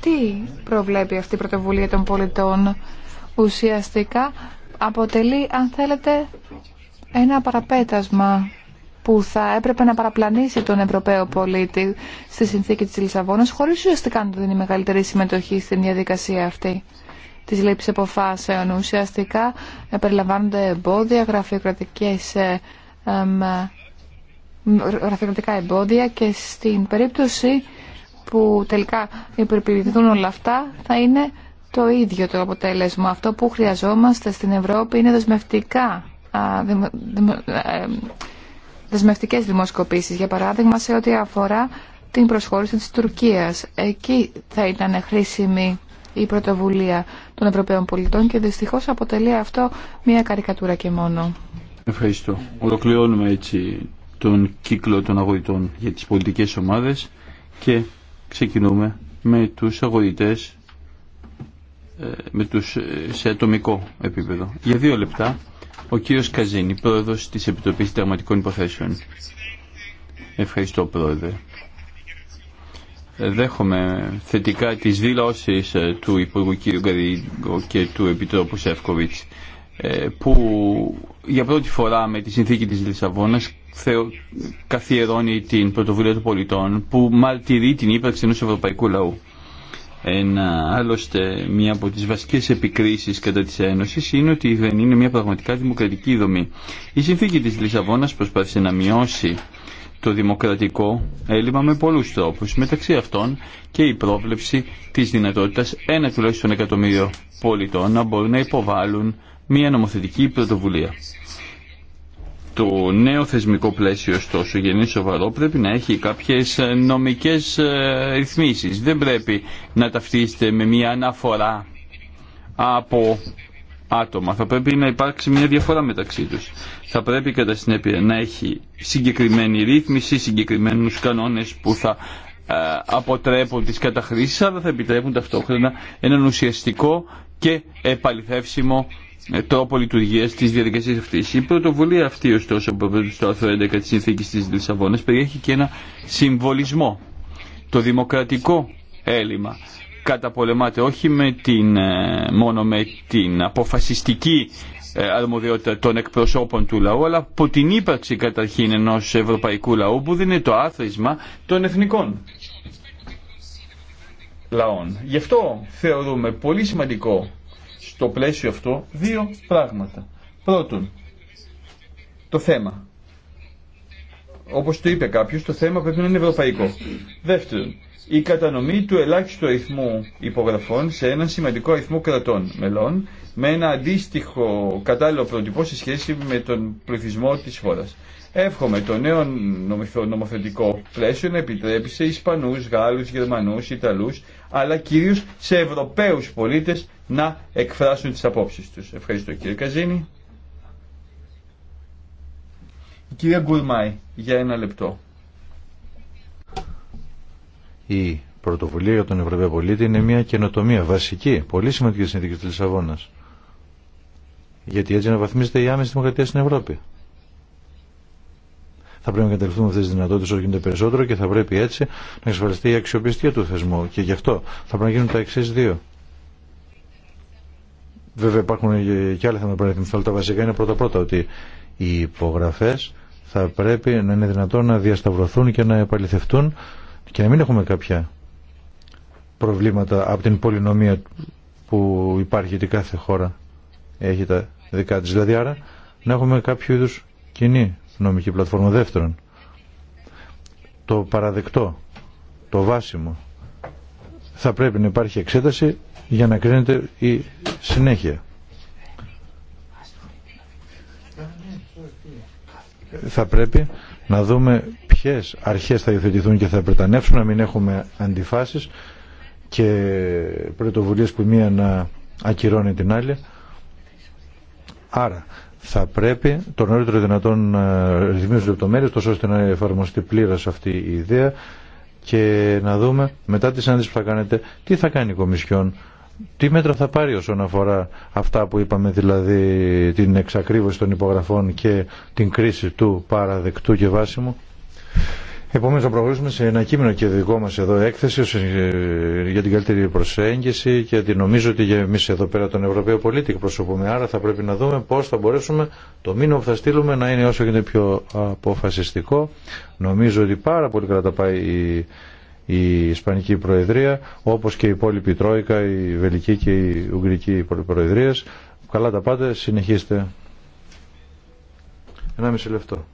Τι προβλέπει αυτή η πρωτοβουλία των πολιτών ουσιαστικά αποτελεί, αν θέλετε, ένα παραπέτασμα που θα έπρεπε να παραπλανήσει τον Ευρωπαίο πολίτη στη συνθήκη της Λισαβόνας χωρίς ουσιαστικά να δίνει μεγαλύτερη συμμετοχή στην διαδικασία αυτή της λήψης αποφάσεων. Ουσιαστικά ε, περιλαμβάνονται εμπόδια, γραφειοκρατικές ε, γραφειοκρατικά εμπόδια και στην περίπτωση που τελικά υπερπληκτούν όλα αυτά θα είναι το ίδιο το αποτέλεσμα. Αυτό που χρειαζόμαστε στην Ευρώπη είναι δεσμευτικά ε, δεσμευτικές δημοσκοπήσεις, για παράδειγμα σε ό,τι αφορά την προσχώρηση της Τουρκίας. Εκεί θα ήταν χρήσιμη η πρωτοβουλία των Ευρωπαίων πολιτών και δυστυχώς αποτελεί αυτό μια καρικατούρα και μόνο. Ευχαριστώ. Ολοκληρώνουμε έτσι τον κύκλο των αγωγητών για τις πολιτικές ομάδες και ξεκινούμε με τους αγωγητές ε, με τους, ε, σε ατομικό επίπεδο. Για δύο λεπτά ο κύριος Καζίνη, πρόεδρος της Επιτροπής Συνταγματικών Υποθέσεων. Ευχαριστώ, πρόεδρε. Δέχομαι θετικά τις δηλώσεις ε, του Υπουργού κ. Γκαρίγκο και του Επιτρόπου Σεύκοβιτς ε, που για πρώτη φορά με τη συνθήκη της Λισαβόνας καθιερώνει την πρωτοβουλία των πολιτών που μαρτυρεί την ύπαρξη ενός ευρωπαϊκού λαού. Ένα, άλλωστε, μία από τις βασικές επικρίσεις κατά της Ένωσης είναι ότι δεν είναι μια πραγματικά δημοκρατική δομή. Η συνθήκη της Λισαβόνας προσπάθησε να μειώσει το δημοκρατικό έλλειμμα με πολλούς τρόπους, μεταξύ αυτών και η πρόβλεψη της δυνατότητας ένα τουλάχιστον εκατομμύριο πολιτών να μπορούν να υποβάλουν μια νομοθετική πρωτοβουλία το νέο θεσμικό πλαίσιο ωστόσο γεννή σοβαρό πρέπει να έχει κάποιες ε, νομικές ε, ρυθμίσεις. Δεν πρέπει να ταυτίστε με μια αναφορά από άτομα. Θα πρέπει να υπάρξει μια διαφορά μεταξύ τους. Θα πρέπει κατά συνέπεια να έχει συγκεκριμένη ρύθμιση, συγκεκριμένους κανόνες που θα ε, αποτρέπουν τις καταχρήσεις αλλά θα επιτρέπουν ταυτόχρονα έναν ουσιαστικό και επαληθεύσιμο ε, τρόπο λειτουργία τη διαδικασία αυτή. Η πρωτοβουλία αυτή, ωστόσο, που στο άρθρο 11 τη συνθήκη τη Λισαβόνα, περιέχει και ένα συμβολισμό. Το δημοκρατικό έλλειμμα καταπολεμάται όχι με την, ε, μόνο με την αποφασιστική ε, αρμοδιότητα των εκπροσώπων του λαού, αλλά από την ύπαρξη καταρχήν ενός ευρωπαϊκού λαού που δεν το άθροισμα των εθνικών λαών. Γι' αυτό θεωρούμε πολύ σημαντικό στο πλαίσιο αυτό δύο πράγματα. Πρώτον, το θέμα. Όπως το είπε κάποιος, το θέμα πρέπει να είναι ευρωπαϊκό. Δεύτερον, η κατανομή του ελάχιστου αριθμού υπογραφών σε έναν σημαντικό αριθμό κρατών μελών με ένα αντίστοιχο κατάλληλο προτυπώ σε σχέση με τον πληθυσμό της χώρας. Εύχομαι το νέο νομοθετικό πλαίσιο να επιτρέψει σε Ισπανούς, Γάλλους, Γερμανούς, Ιταλούς, αλλά κυρίως σε Ευρωπαίους πολίτες να εκφράσουν τις απόψεις τους. Ευχαριστώ κύριε Καζίνη. Η κυρία Γκουρμάη, για ένα λεπτό. Η πρωτοβουλία για τον Ευρωπαίο πολίτη είναι μια καινοτομία βασική, πολύ σημαντική συνθήκη της Λισαβόνας. Γιατί έτσι αναβαθμίζεται η άμεση δημοκρατία στην Ευρώπη θα πρέπει να καταληφθούμε αυτέ τι δυνατότητε όσο γίνεται περισσότερο και θα πρέπει έτσι να εξασφαλιστεί η αξιοπιστία του θεσμού. Και γι' αυτό θα πρέπει να γίνουν τα εξή δύο. Βέβαια υπάρχουν και άλλα θέματα που πρέπει να αλλά τα βασικά είναι πρώτα-πρώτα ότι οι υπογραφέ θα πρέπει να είναι δυνατόν να διασταυρωθούν και να επαληθευτούν και να μην έχουμε κάποια προβλήματα από την πολυνομία που υπάρχει γιατί κάθε χώρα έχει τα δικά της. Δηλαδή άρα να έχουμε κάποιο είδου κοινή νομική πλατφόρμα. Δεύτερον, το παραδεκτό, το βάσιμο, θα πρέπει να υπάρχει εξέταση για να κρίνεται η συνέχεια. Θα πρέπει να δούμε ποιες αρχές θα υιοθετηθούν και θα πρετανεύσουν, να μην έχουμε αντιφάσεις και πρωτοβουλίες που μία να ακυρώνει την άλλη. Άρα θα πρέπει το νωρίτερο δυνατόν να ε, ρυθμίζουν λεπτομέρειε, τόσο ώστε να εφαρμοστεί πλήρω αυτή η ιδέα και να δούμε μετά τη συνάντηση που θα κάνετε τι θα κάνει η Κομισιόν, τι μέτρα θα πάρει όσον αφορά αυτά που είπαμε, δηλαδή την εξακρίβωση των υπογραφών και την κρίση του παραδεκτού και βάσιμου. Επομένω θα προχωρήσουμε σε ένα κείμενο και δικό μα εδώ έκθεση ε, για την καλύτερη προσέγγιση και νομίζω ότι για εμεί εδώ πέρα τον Ευρωπαίο πολίτη εκπροσωπούμε. Άρα θα πρέπει να δούμε πώ θα μπορέσουμε το μήνυμα που θα στείλουμε να είναι όσο γίνεται πιο αποφασιστικό. Νομίζω ότι πάρα πολύ καλά τα πάει η, Ισπανική Προεδρία όπω και η υπόλοιπη Τρόικα, η Βελική και η Ουγγρική Προεδρίας. Καλά τα πάτε, συνεχίστε. Ένα μισή λεπτό,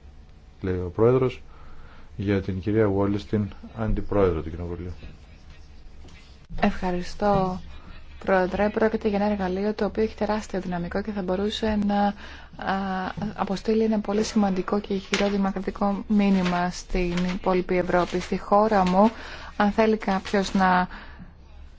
λέει ο Πρόεδρος για την κυρία Γουόλης την Αντιπρόεδρο του Κοινοβουλίου. Ευχαριστώ. Πρόεδρε, πρόκειται για ένα εργαλείο το οποίο έχει τεράστιο δυναμικό και θα μπορούσε να αποστείλει ένα πολύ σημαντικό και χειρό δημοκρατικό μήνυμα στην υπόλοιπη Ευρώπη. Στη χώρα μου, αν θέλει κάποιος να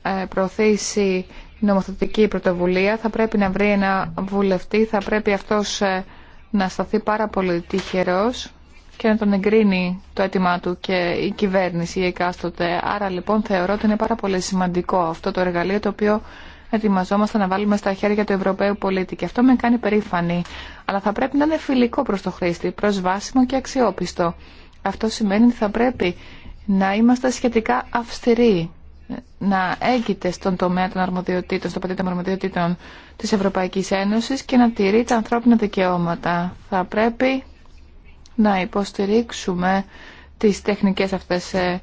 ε, προωθήσει νομοθετική πρωτοβουλία, θα πρέπει να βρει ένα βουλευτή, θα πρέπει αυτός ε, να σταθεί πάρα πολύ τυχερός και να τον εγκρίνει το αίτημά του και η κυβέρνηση η εκάστοτε. Άρα λοιπόν θεωρώ ότι είναι πάρα πολύ σημαντικό αυτό το εργαλείο το οποίο ετοιμαζόμαστε να βάλουμε στα χέρια του Ευρωπαίου πολίτη και αυτό με κάνει περήφανη. Αλλά θα πρέπει να είναι φιλικό προς το χρήστη, προσβάσιμο και αξιόπιστο. Αυτό σημαίνει ότι θα πρέπει να είμαστε σχετικά αυστηροί, να έγκυται στον τομέα των αρμοδιοτήτων, στο πατέρα των αρμοδιοτήτων της Ευρωπαϊκής Ένωσης και να τηρεί τα ανθρώπινα δικαιώματα. Θα πρέπει να υποστηρίξουμε τις τεχνικές αυτές ε,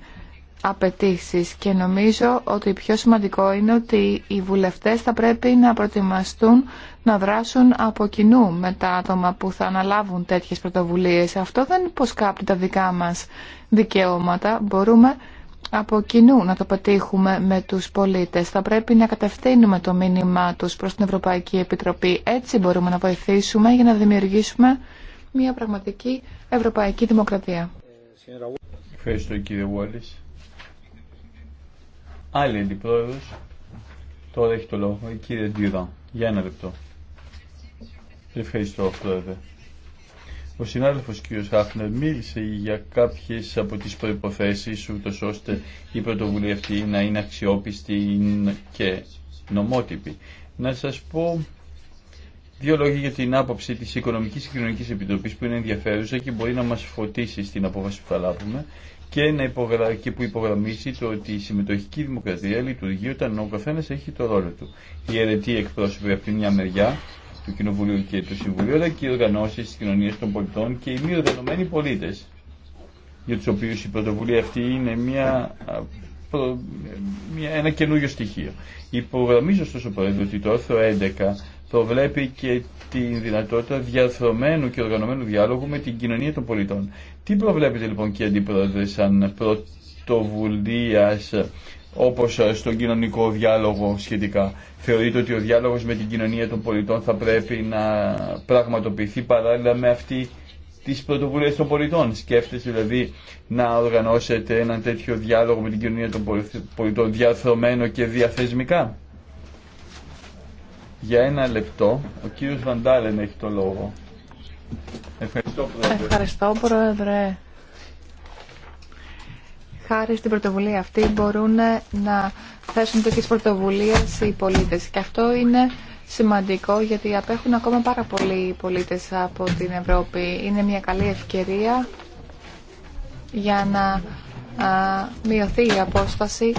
απαιτήσει και νομίζω ότι πιο σημαντικό είναι ότι οι βουλευτές θα πρέπει να προετοιμαστούν να δράσουν από κοινού με τα άτομα που θα αναλάβουν τέτοιες πρωτοβουλίες. Αυτό δεν υποσκάπτει τα δικά μας δικαιώματα. Μπορούμε από κοινού να το πετύχουμε με τους πολίτες. Θα πρέπει να κατευθύνουμε το μήνυμά τους προς την Ευρωπαϊκή Επιτροπή. Έτσι μπορούμε να βοηθήσουμε για να δημιουργήσουμε μια πραγματική ευρωπαϊκή δημοκρατία. Ευχαριστώ κύριε Βουάλης. Άλλη αντιπρόεδρος. Τώρα έχει το λόγο η κύριε Ντιουράν. Για ένα λεπτό. Ευχαριστώ πρόεδρε. Ο συνάδελφος κ. Χάφνερ μίλησε για κάποιες από τις προϋποθέσεις ούτως ώστε η πρωτοβουλία αυτή να είναι αξιόπιστη και νομότυπη. Να σας πω Δύο λόγια για την άποψη τη οικονομική και Κοινωνική Επιτροπή που είναι ενδιαφέρουσα και μπορεί να μα φωτίσει στην απόφαση που θα λάβουμε και, να υπογρα... και που υπογραμμίσει το ότι η συμμετοχική δημοκρατία λειτουργεί όταν ο καθένα έχει το ρόλο του. Η αιρετή, εκπρόσωποι από την μια μεριά του Κοινοβουλίου και του Συμβουλίου, αλλά και οι οργανώσει τη κοινωνία των πολιτών και οι μη οργανωμένοι πολίτε, για του οποίου η πρωτοβουλία αυτή είναι μια ένα καινούριο στοιχείο. Υπογραμμίζω ωστόσο ότι το άρθρο 11 προβλέπει και την δυνατότητα διαρθρωμένου και οργανωμένου διάλογου με την κοινωνία των πολιτών. Τι προβλέπετε λοιπόν και αντιπρόεδρε σαν πρωτοβουλία όπως στον κοινωνικό διάλογο σχετικά. Θεωρείτε ότι ο διάλογος με την κοινωνία των πολιτών θα πρέπει να πραγματοποιηθεί παράλληλα με αυτή τις πρωτοβουλίες των πολιτών. Σκέφτεστε δηλαδή να οργανώσετε έναν τέτοιο διάλογο με την κοινωνία των πολιτών διαθρωμένο και διαθεσμικά. Για ένα λεπτό, ο κύριος Βαντάλεν έχει το λόγο. Ευχαριστώ, Πρόεδρε. Ευχαριστώ, Πρόεδρε. Χάρη στην πρωτοβουλία αυτή μπορούν να θέσουν τέτοιες πρωτοβουλίες οι πολίτες. Και αυτό είναι σημαντικό γιατί απέχουν ακόμα πάρα πολλοί οι πολίτες από την Ευρώπη. Είναι μια καλή ευκαιρία για να μειωθεί η απόσταση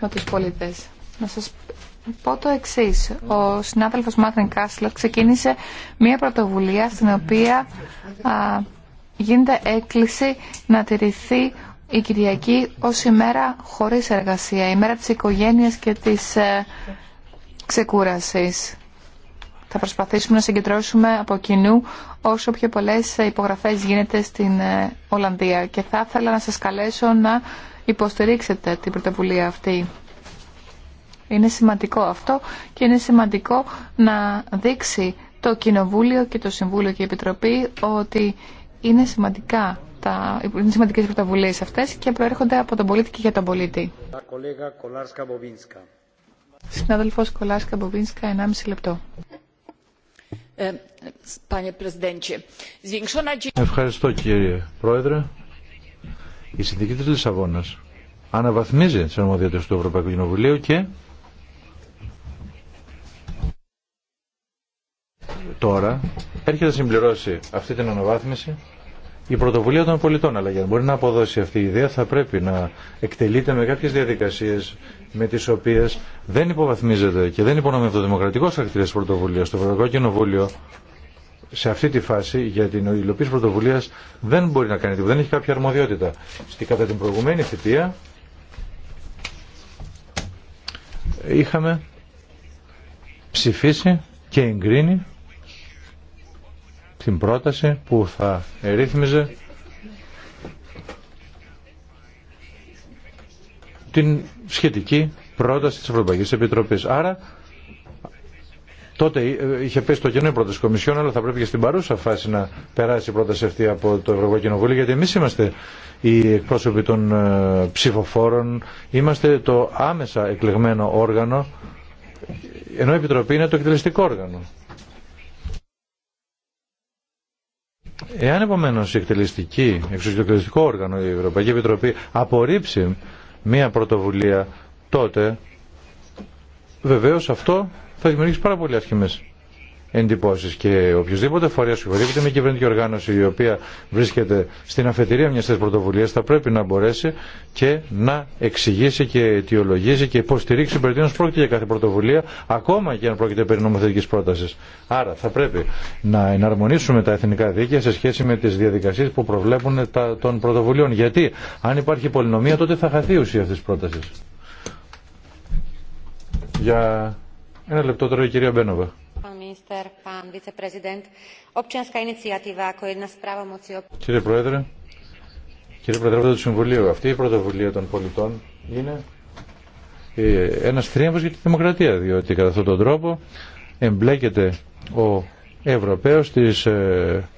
με τους πολίτες. Να σας πω το εξή. Ο συνάδελφος Μάθεν Κάσλερ ξεκίνησε μια πρωτοβουλία στην οποία γίνεται έκκληση να τηρηθεί η Κυριακή ως ημέρα χωρίς εργασία, ημέρα μέρα της οικογένειας και της ε, ξεκούρασης. Θα προσπαθήσουμε να συγκεντρώσουμε από κοινού όσο πιο πολλές υπογραφές γίνεται στην ε, Ολλανδία και θα ήθελα να σας καλέσω να υποστηρίξετε την πρωτοβουλία αυτή. Είναι σημαντικό αυτό και είναι σημαντικό να δείξει το Κοινοβούλιο και το Συμβούλιο και η Επιτροπή ότι είναι σημαντικά τα, είναι σημαντικές αυτές και προέρχονται από τον πολίτη και για τον πολίτη. Συνάδελφος Κολάσκα Μποβίνσκα, 1,5 λεπτό. Ε, Ευχαριστώ κύριε Πρόεδρε. Η συνθήκη της Λισαβόνας αναβαθμίζει τις αρμοδιότητες του Ευρωπαϊκού Κοινοβουλίου και τώρα έρχεται να συμπληρώσει αυτή την αναβάθμιση η πρωτοβουλία των πολιτών. Αλλά για να μπορεί να αποδώσει αυτή η ιδέα θα πρέπει να εκτελείται με κάποιες διαδικασίες με τις οποίες δεν υποβαθμίζεται και δεν υπονομεύεται το δημοκρατικό χαρακτήρα της πρωτοβουλίας. Το Ευρωπαϊκό Κοινοβούλιο σε αυτή τη φάση για την υλοποίηση πρωτοβουλία δεν μπορεί να κάνει τίποτα, δεν έχει κάποια αρμοδιότητα. Στη κατά την προηγουμένη θητεία είχαμε ψηφίσει και εγκρίνει την πρόταση που θα ρύθμιζε την σχετική πρόταση της Ευρωπαϊκής Επιτροπής. Άρα τότε είχε πέσει το κοινό η πρόταση Κομισιόν, αλλά θα πρέπει και στην παρούσα φάση να περάσει η πρόταση αυτή από το Ευρωπαϊκό Κοινοβούλιο, γιατί εμείς είμαστε οι εκπρόσωποι των ε, ψηφοφόρων, είμαστε το άμεσα εκλεγμένο όργανο, ενώ η Επιτροπή είναι το εκτελεστικό όργανο. Εάν επομένω η εκτελεστική, εξουσιοκριτικό όργανο, η Ευρωπαϊκή Επιτροπή απορρίψει μία πρωτοβουλία, τότε βεβαίω αυτό θα δημιουργήσει πάρα πολύ άσχημες εντυπώσεις και οποιοδήποτε φορέα οποιοδήποτε με κυβερνητική οργάνωση η οποία βρίσκεται στην αφετηρία μιας της πρωτοβουλίας θα πρέπει να μπορέσει και να εξηγήσει και αιτιολογήσει και υποστηρίξει περί τίνος πρόκειται για κάθε πρωτοβουλία ακόμα και αν πρόκειται περί νομοθετικής πρότασης. Άρα θα πρέπει να εναρμονίσουμε τα εθνικά δίκαια σε σχέση με τις διαδικασίες που προβλέπουν τα, των πρωτοβουλίων. Γιατί αν υπάρχει πολυνομία τότε θα χαθεί η ουσία αυτή τη πρόταση. Για ένα λεπτό τώρα η κυρία Μπένοβα. Κύριε Πρόεδρε, κύριε Πρόεδρε του Συμβουλίου, αυτή η πρωτοβουλία των πολιτών είναι ε, ένας θρίαμβος για τη δημοκρατία, διότι κατά αυτόν τον τρόπο εμπλέκεται ο Ευρωπαίος στις ε,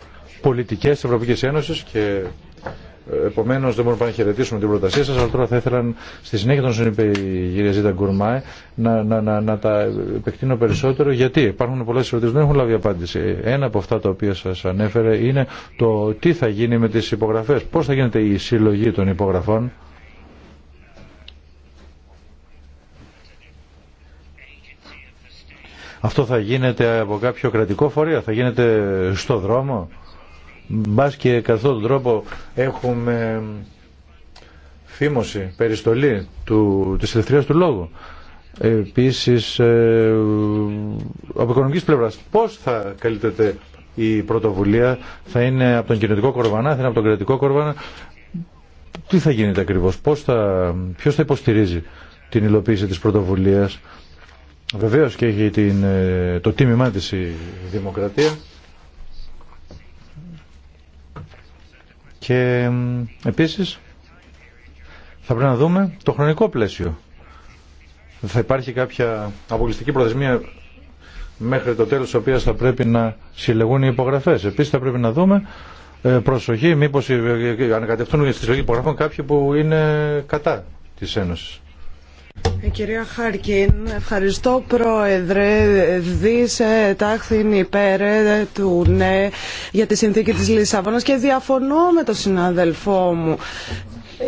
πολιτικές της Ευρωπαϊκής Ένωσης και Επομένω, δεν μπορούμε να χαιρετήσουμε την πρότασή σα, αλλά τώρα θα ήθελα στη συνέχεια των είπε η κυρία Ζήτα Γκουρμάε, να, να, να, να τα επεκτείνω περισσότερο. Γιατί υπάρχουν πολλέ ερωτήσει, δεν έχουν λάβει απάντηση. Ένα από αυτά τα οποία σα ανέφερε είναι το τι θα γίνει με τι υπογραφέ. Πώ θα γίνεται η συλλογή των υπογραφών. Αυτό θα γίνεται από κάποιο κρατικό φορέα, θα γίνεται στο δρόμο. Μπά και καθ' τον τρόπο έχουμε φήμωση, περιστολή του, της ελευθερίας του λόγου. Επίσης, ε, από οικονομικής πλευράς, πώς θα καλύπτεται η πρωτοβουλία, θα είναι από τον κοινωτικό κορβανά, θα είναι από τον κρατικό κορβανά. Τι θα γίνεται ακριβώς, πώς θα, ποιος θα υποστηρίζει την υλοποίηση της πρωτοβουλίας. Βεβαίως και έχει την, ε, το τίμημά της η δημοκρατία. Και επίσης θα πρέπει να δούμε το χρονικό πλαίσιο. Θα υπάρχει κάποια αποκλειστική προθεσμία μέχρι το τέλος της οποίας θα πρέπει να συλλεγούν οι υπογραφές. Επίσης θα πρέπει να δούμε προσοχή μήπως ανακατευτούν στη συλλογή υπογραφών κάποιοι που είναι κατά της Ένωσης. Ε, κυρία Χαρκίν, ευχαριστώ πρόεδρε. Δίσε τάχθην υπέρ ε, του ναι για τη συνθήκη της Λισαβόνας και διαφωνώ με τον συναδελφό μου.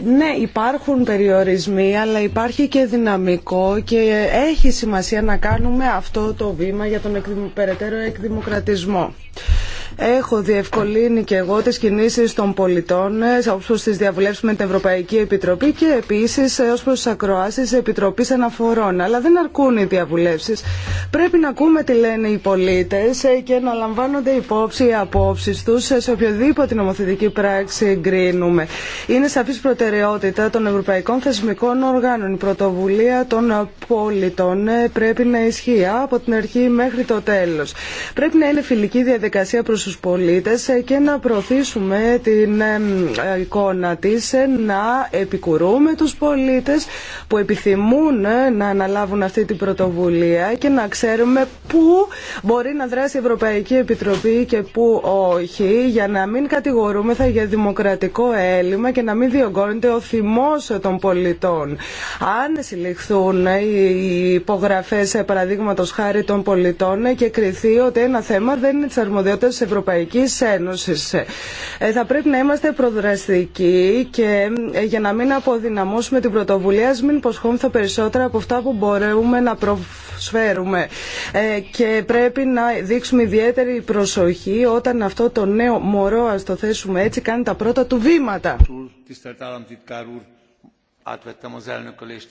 Ναι, υπάρχουν περιορισμοί, αλλά υπάρχει και δυναμικό και έχει σημασία να κάνουμε αυτό το βήμα για τον περαιτέρω εκδημοκρατισμό. Έχω διευκολύνει και εγώ τις κινήσεις των πολιτών ε, ως προς τις διαβουλεύσεις με την Ευρωπαϊκή Επιτροπή και επίσης ε, ως προς τις ακροάσεις της Επιτροπής Αναφορών. Αλλά δεν αρκούν οι διαβουλεύσεις. Πρέπει να ακούμε τι λένε οι πολίτες ε, και να λαμβάνονται υπόψη οι απόψεις τους σε οποιοδήποτε νομοθετική πράξη εγκρίνουμε. Είναι σαφής προτεραιότητα των Ευρωπαϊκών Θεσμικών Οργάνων. Η πρωτοβουλία των πολιτών πρέπει να ισχύει από την αρχή μέχρι το τέλος. Πρέπει να είναι φιλική διαδικασία στους πολίτες ε, και να προωθήσουμε την ε, εικόνα της ε, να επικουρούμε τους πολίτες που επιθυμούν να αναλάβουν αυτή την πρωτοβουλία και να ξέρουμε πού μπορεί να δράσει η Ευρωπαϊκή Επιτροπή και πού όχι για να μην θα για δημοκρατικό έλλειμμα και να μην διωγγώνεται ο θυμός των πολιτών. Αν συλληφθούν οι υπογραφές παραδείγματος χάρη των πολιτών και κριθεί ότι ένα θέμα δεν είναι της αρμοδιότητας Ευρωπαϊκής Ένωσης. Ε, θα πρέπει να είμαστε προδραστικοί και ε, για να μην αποδυναμώσουμε την πρωτοβουλία, ας μην υποσχόμεθα περισσότερα από αυτά που μπορούμε να προσφέρουμε. Ε, και πρέπει να δείξουμε ιδιαίτερη προσοχή όταν αυτό το νέο μωρό, ας το θέσουμε έτσι, κάνει τα πρώτα του βήματα.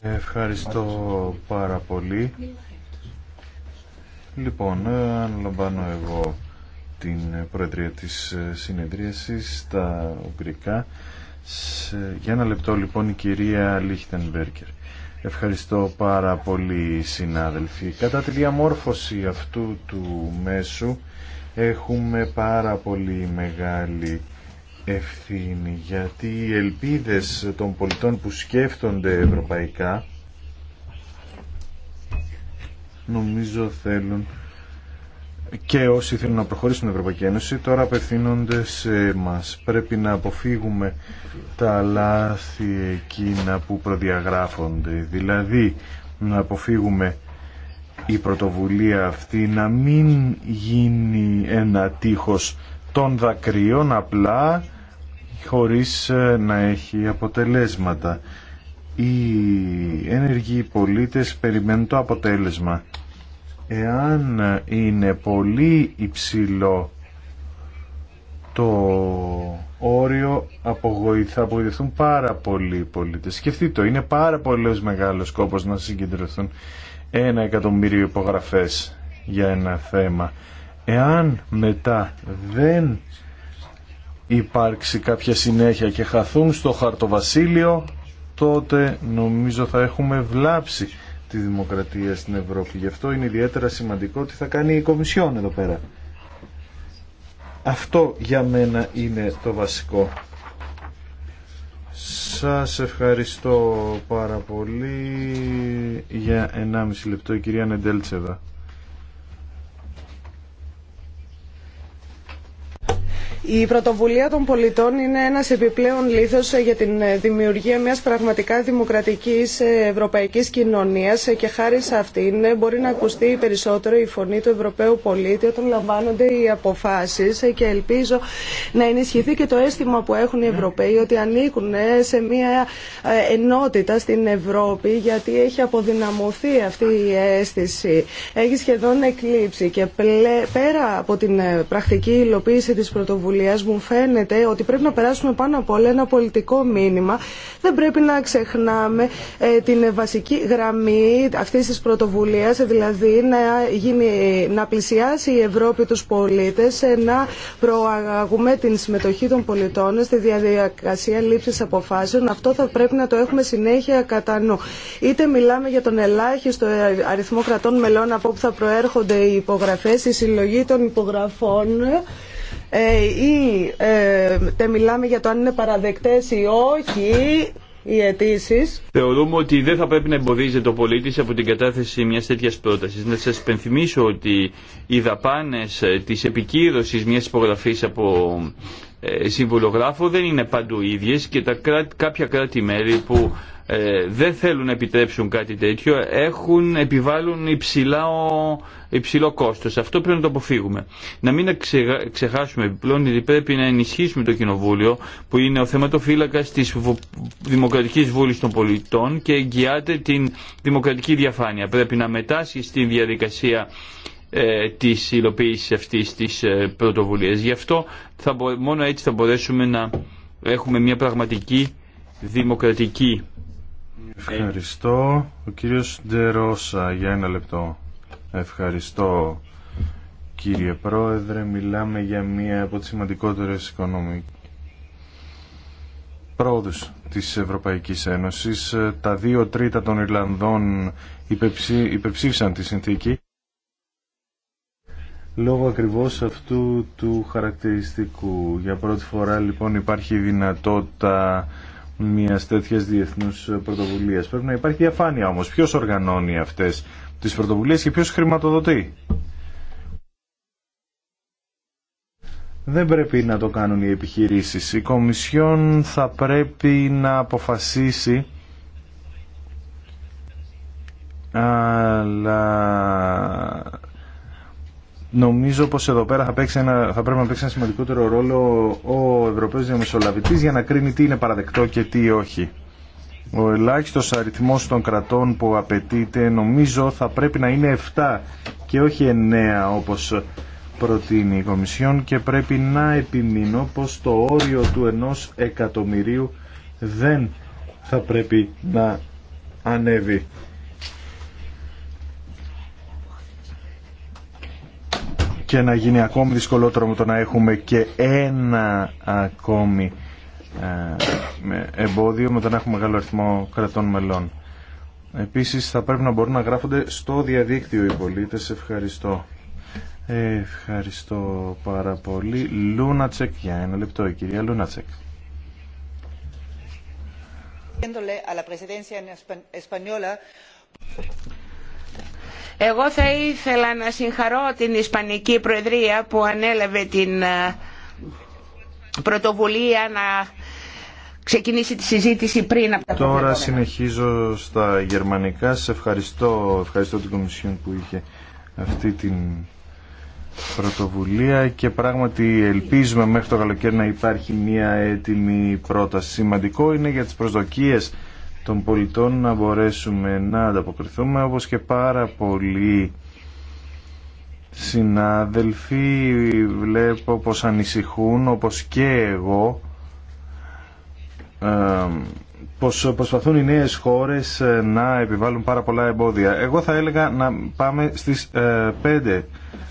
Ευχαριστώ πάρα πολύ. Λοιπόν, αν λαμβάνω εγώ την Προεδρία της ε, Συνεδρίασης στα Ουγγρικά. Για ένα λεπτό λοιπόν η κυρία Λίχτενμπέρκερ. Ευχαριστώ πάρα πολύ συνάδελφοι. Κατά τη διαμόρφωση αυτού του μέσου έχουμε πάρα πολύ μεγάλη ευθύνη γιατί οι ελπίδες των πολιτών που σκέφτονται ευρωπαϊκά νομίζω θέλουν και όσοι θέλουν να προχωρήσουν στην Ευρωπαϊκή Ένωση τώρα απευθύνονται σε μας. Πρέπει να αποφύγουμε τα λάθη εκείνα που προδιαγράφονται. Δηλαδή να αποφύγουμε η πρωτοβουλία αυτή να μην γίνει ένα τείχος των δακρύων απλά χωρίς ε, να έχει αποτελέσματα. Οι ενεργοί πολίτες περιμένουν το αποτέλεσμα εάν είναι πολύ υψηλό το όριο θα απογοητευτούν πάρα πολλοί πολίτες. Σκεφτείτε, είναι πάρα πολύ μεγάλος κόπος να συγκεντρωθούν ένα εκατομμύριο υπογραφές για ένα θέμα. Εάν μετά δεν υπάρξει κάποια συνέχεια και χαθούν στο χαρτοβασίλειο, τότε νομίζω θα έχουμε βλάψει τη δημοκρατία στην Ευρώπη. Γι' αυτό είναι ιδιαίτερα σημαντικό τι θα κάνει η Κομισιόν εδώ πέρα. Αυτό για μένα είναι το βασικό. Σας ευχαριστώ πάρα πολύ για 1,5 λεπτό η κυρία Νεντέλτσεβα. Η πρωτοβουλία των πολιτών είναι ένας επιπλέον λίθος ε, για την ε, δημιουργία μιας πραγματικά δημοκρατικής ε, ευρωπαϊκής κοινωνίας και χάρη σε αυτήν μπορεί να ακουστεί περισσότερο η φωνή του Ευρωπαίου πολίτη όταν λαμβάνονται οι αποφάσεις και ελπίζω να ενισχυθεί και το αίσθημα που έχουν οι ναι. Ευρωπαίοι ότι ανήκουν σε μια ενότητα στην Ευρώπη γιατί έχει αποδυναμωθεί αυτή η αίσθηση. Έχει σχεδόν εκλείψει και πέρα από την πρακτική υλοποίηση της πρωτοβουλίας πρωτοβουλία μου φαίνεται ότι πρέπει να περάσουμε πάνω απ' όλα ένα πολιτικό μήνυμα. Δεν πρέπει να ξεχνάμε ε, την βασική γραμμή αυτή τη πρωτοβουλία, δηλαδή να, γίνει, να πλησιάσει η Ευρώπη του πολίτε, ε, να προαγούμε την συμμετοχή των πολιτών στη διαδικασία λήψη αποφάσεων. Αυτό θα πρέπει να το έχουμε συνέχεια κατά νου. Είτε μιλάμε για τον ελάχιστο αριθμό κρατών μελών από όπου θα προέρχονται οι υπογραφέ, η συλλογή των υπογραφών ε, ή ε, μιλάμε για το αν είναι παραδεκτές ή όχι οι αιτήσει. Θεωρούμε ότι δεν θα πρέπει να εμποδίζεται ο πολίτη από την κατάθεση μια τέτοια πρόταση. Να σα υπενθυμίσω ότι οι δαπάνε ε, τη επικύρωση μια υπογραφή από ε, συμβουλογράφο δεν είναι παντού ίδιες και τα καποια κάποια κράτη-μέλη που ε, δεν θέλουν να επιτρέψουν κάτι τέτοιο έχουν, επιβάλλουν υψηλό κόστο. Αυτό πρέπει να το αποφύγουμε. Να μην ξεχάσουμε επιπλέον ότι πρέπει να ενισχύσουμε το Κοινοβούλιο που είναι ο θεματοφύλακας τη δημοκρατική Βούλης των Πολιτών και εγγυάται την δημοκρατική διαφάνεια. Πρέπει να μετάσχει στη διαδικασία ε, της υλοποίησης αυτής της ε, πρωτοβουλίας. Γι' αυτό θα, μόνο έτσι θα μπορέσουμε να έχουμε μια πραγματική δημοκρατική. Ευχαριστώ. Ο κύριος Ντερόσα για ένα λεπτό. Ευχαριστώ κύριε Πρόεδρε. Μιλάμε για μία από τις σημαντικότερες οικονομικές πρόοδους της Ευρωπαϊκής Ένωσης. Τα δύο τρίτα των Ιρλανδών υπεψήφισαν τη συνθήκη λόγω ακριβώς αυτού του χαρακτηριστικού. Για πρώτη φορά λοιπόν υπάρχει δυνατότητα μια τέτοια διεθνού πρωτοβουλία. Πρέπει να υπάρχει διαφάνεια όμω. Ποιο οργανώνει αυτέ τι πρωτοβουλίε και ποιο χρηματοδοτεί. Δεν πρέπει να το κάνουν οι επιχειρήσεις. Η Κομισιόν θα πρέπει να αποφασίσει αλλά Νομίζω πως εδώ πέρα θα, παίξει ένα, θα πρέπει να παίξει ένα σημαντικότερο ρόλο ο Ευρωπαίος Διαμεσολαβητής για να κρίνει τι είναι παραδεκτό και τι όχι. Ο ελάχιστος αριθμός των κρατών που απαιτείται νομίζω θα πρέπει να είναι 7 και όχι 9 όπως προτείνει η Κομισιόν και πρέπει να επιμείνω πως το όριο του ενός εκατομμυρίου δεν θα πρέπει να ανέβει. και να γίνει ακόμη δυσκολότερο με το να έχουμε και ένα ακόμη ε, εμπόδιο με το να έχουμε μεγάλο αριθμό κρατών μελών. Επίσης θα πρέπει να μπορούν να γράφονται στο διαδίκτυο οι πολίτες. Ευχαριστώ. Ευχαριστώ πάρα πολύ. Λούνατσεκ για ένα λεπτό η κυρία Λούνατσεκ. Εγώ θα ήθελα να συγχαρώ την Ισπανική Προεδρία που ανέλαβε την ε, πρωτοβουλία να ξεκινήσει τη συζήτηση πριν από τα Τώρα συνεχίζω στα γερμανικά. Σε ευχαριστώ, ευχαριστώ την Κομισιόν που είχε αυτή την πρωτοβουλία και πράγματι ελπίζουμε μέχρι το καλοκαίρι να υπάρχει μια έτοιμη πρόταση. Σημαντικό είναι για τις προσδοκίες των πολιτών να μπορέσουμε να ανταποκριθούμε όπως και πάρα πολλοί συνάδελφοι βλέπω πως ανησυχούν όπως και εγώ ε, πως προσπαθούν οι νέες χώρες ε, να επιβάλλουν πάρα πολλά εμπόδια. Εγώ θα έλεγα να πάμε στις ε, πέντε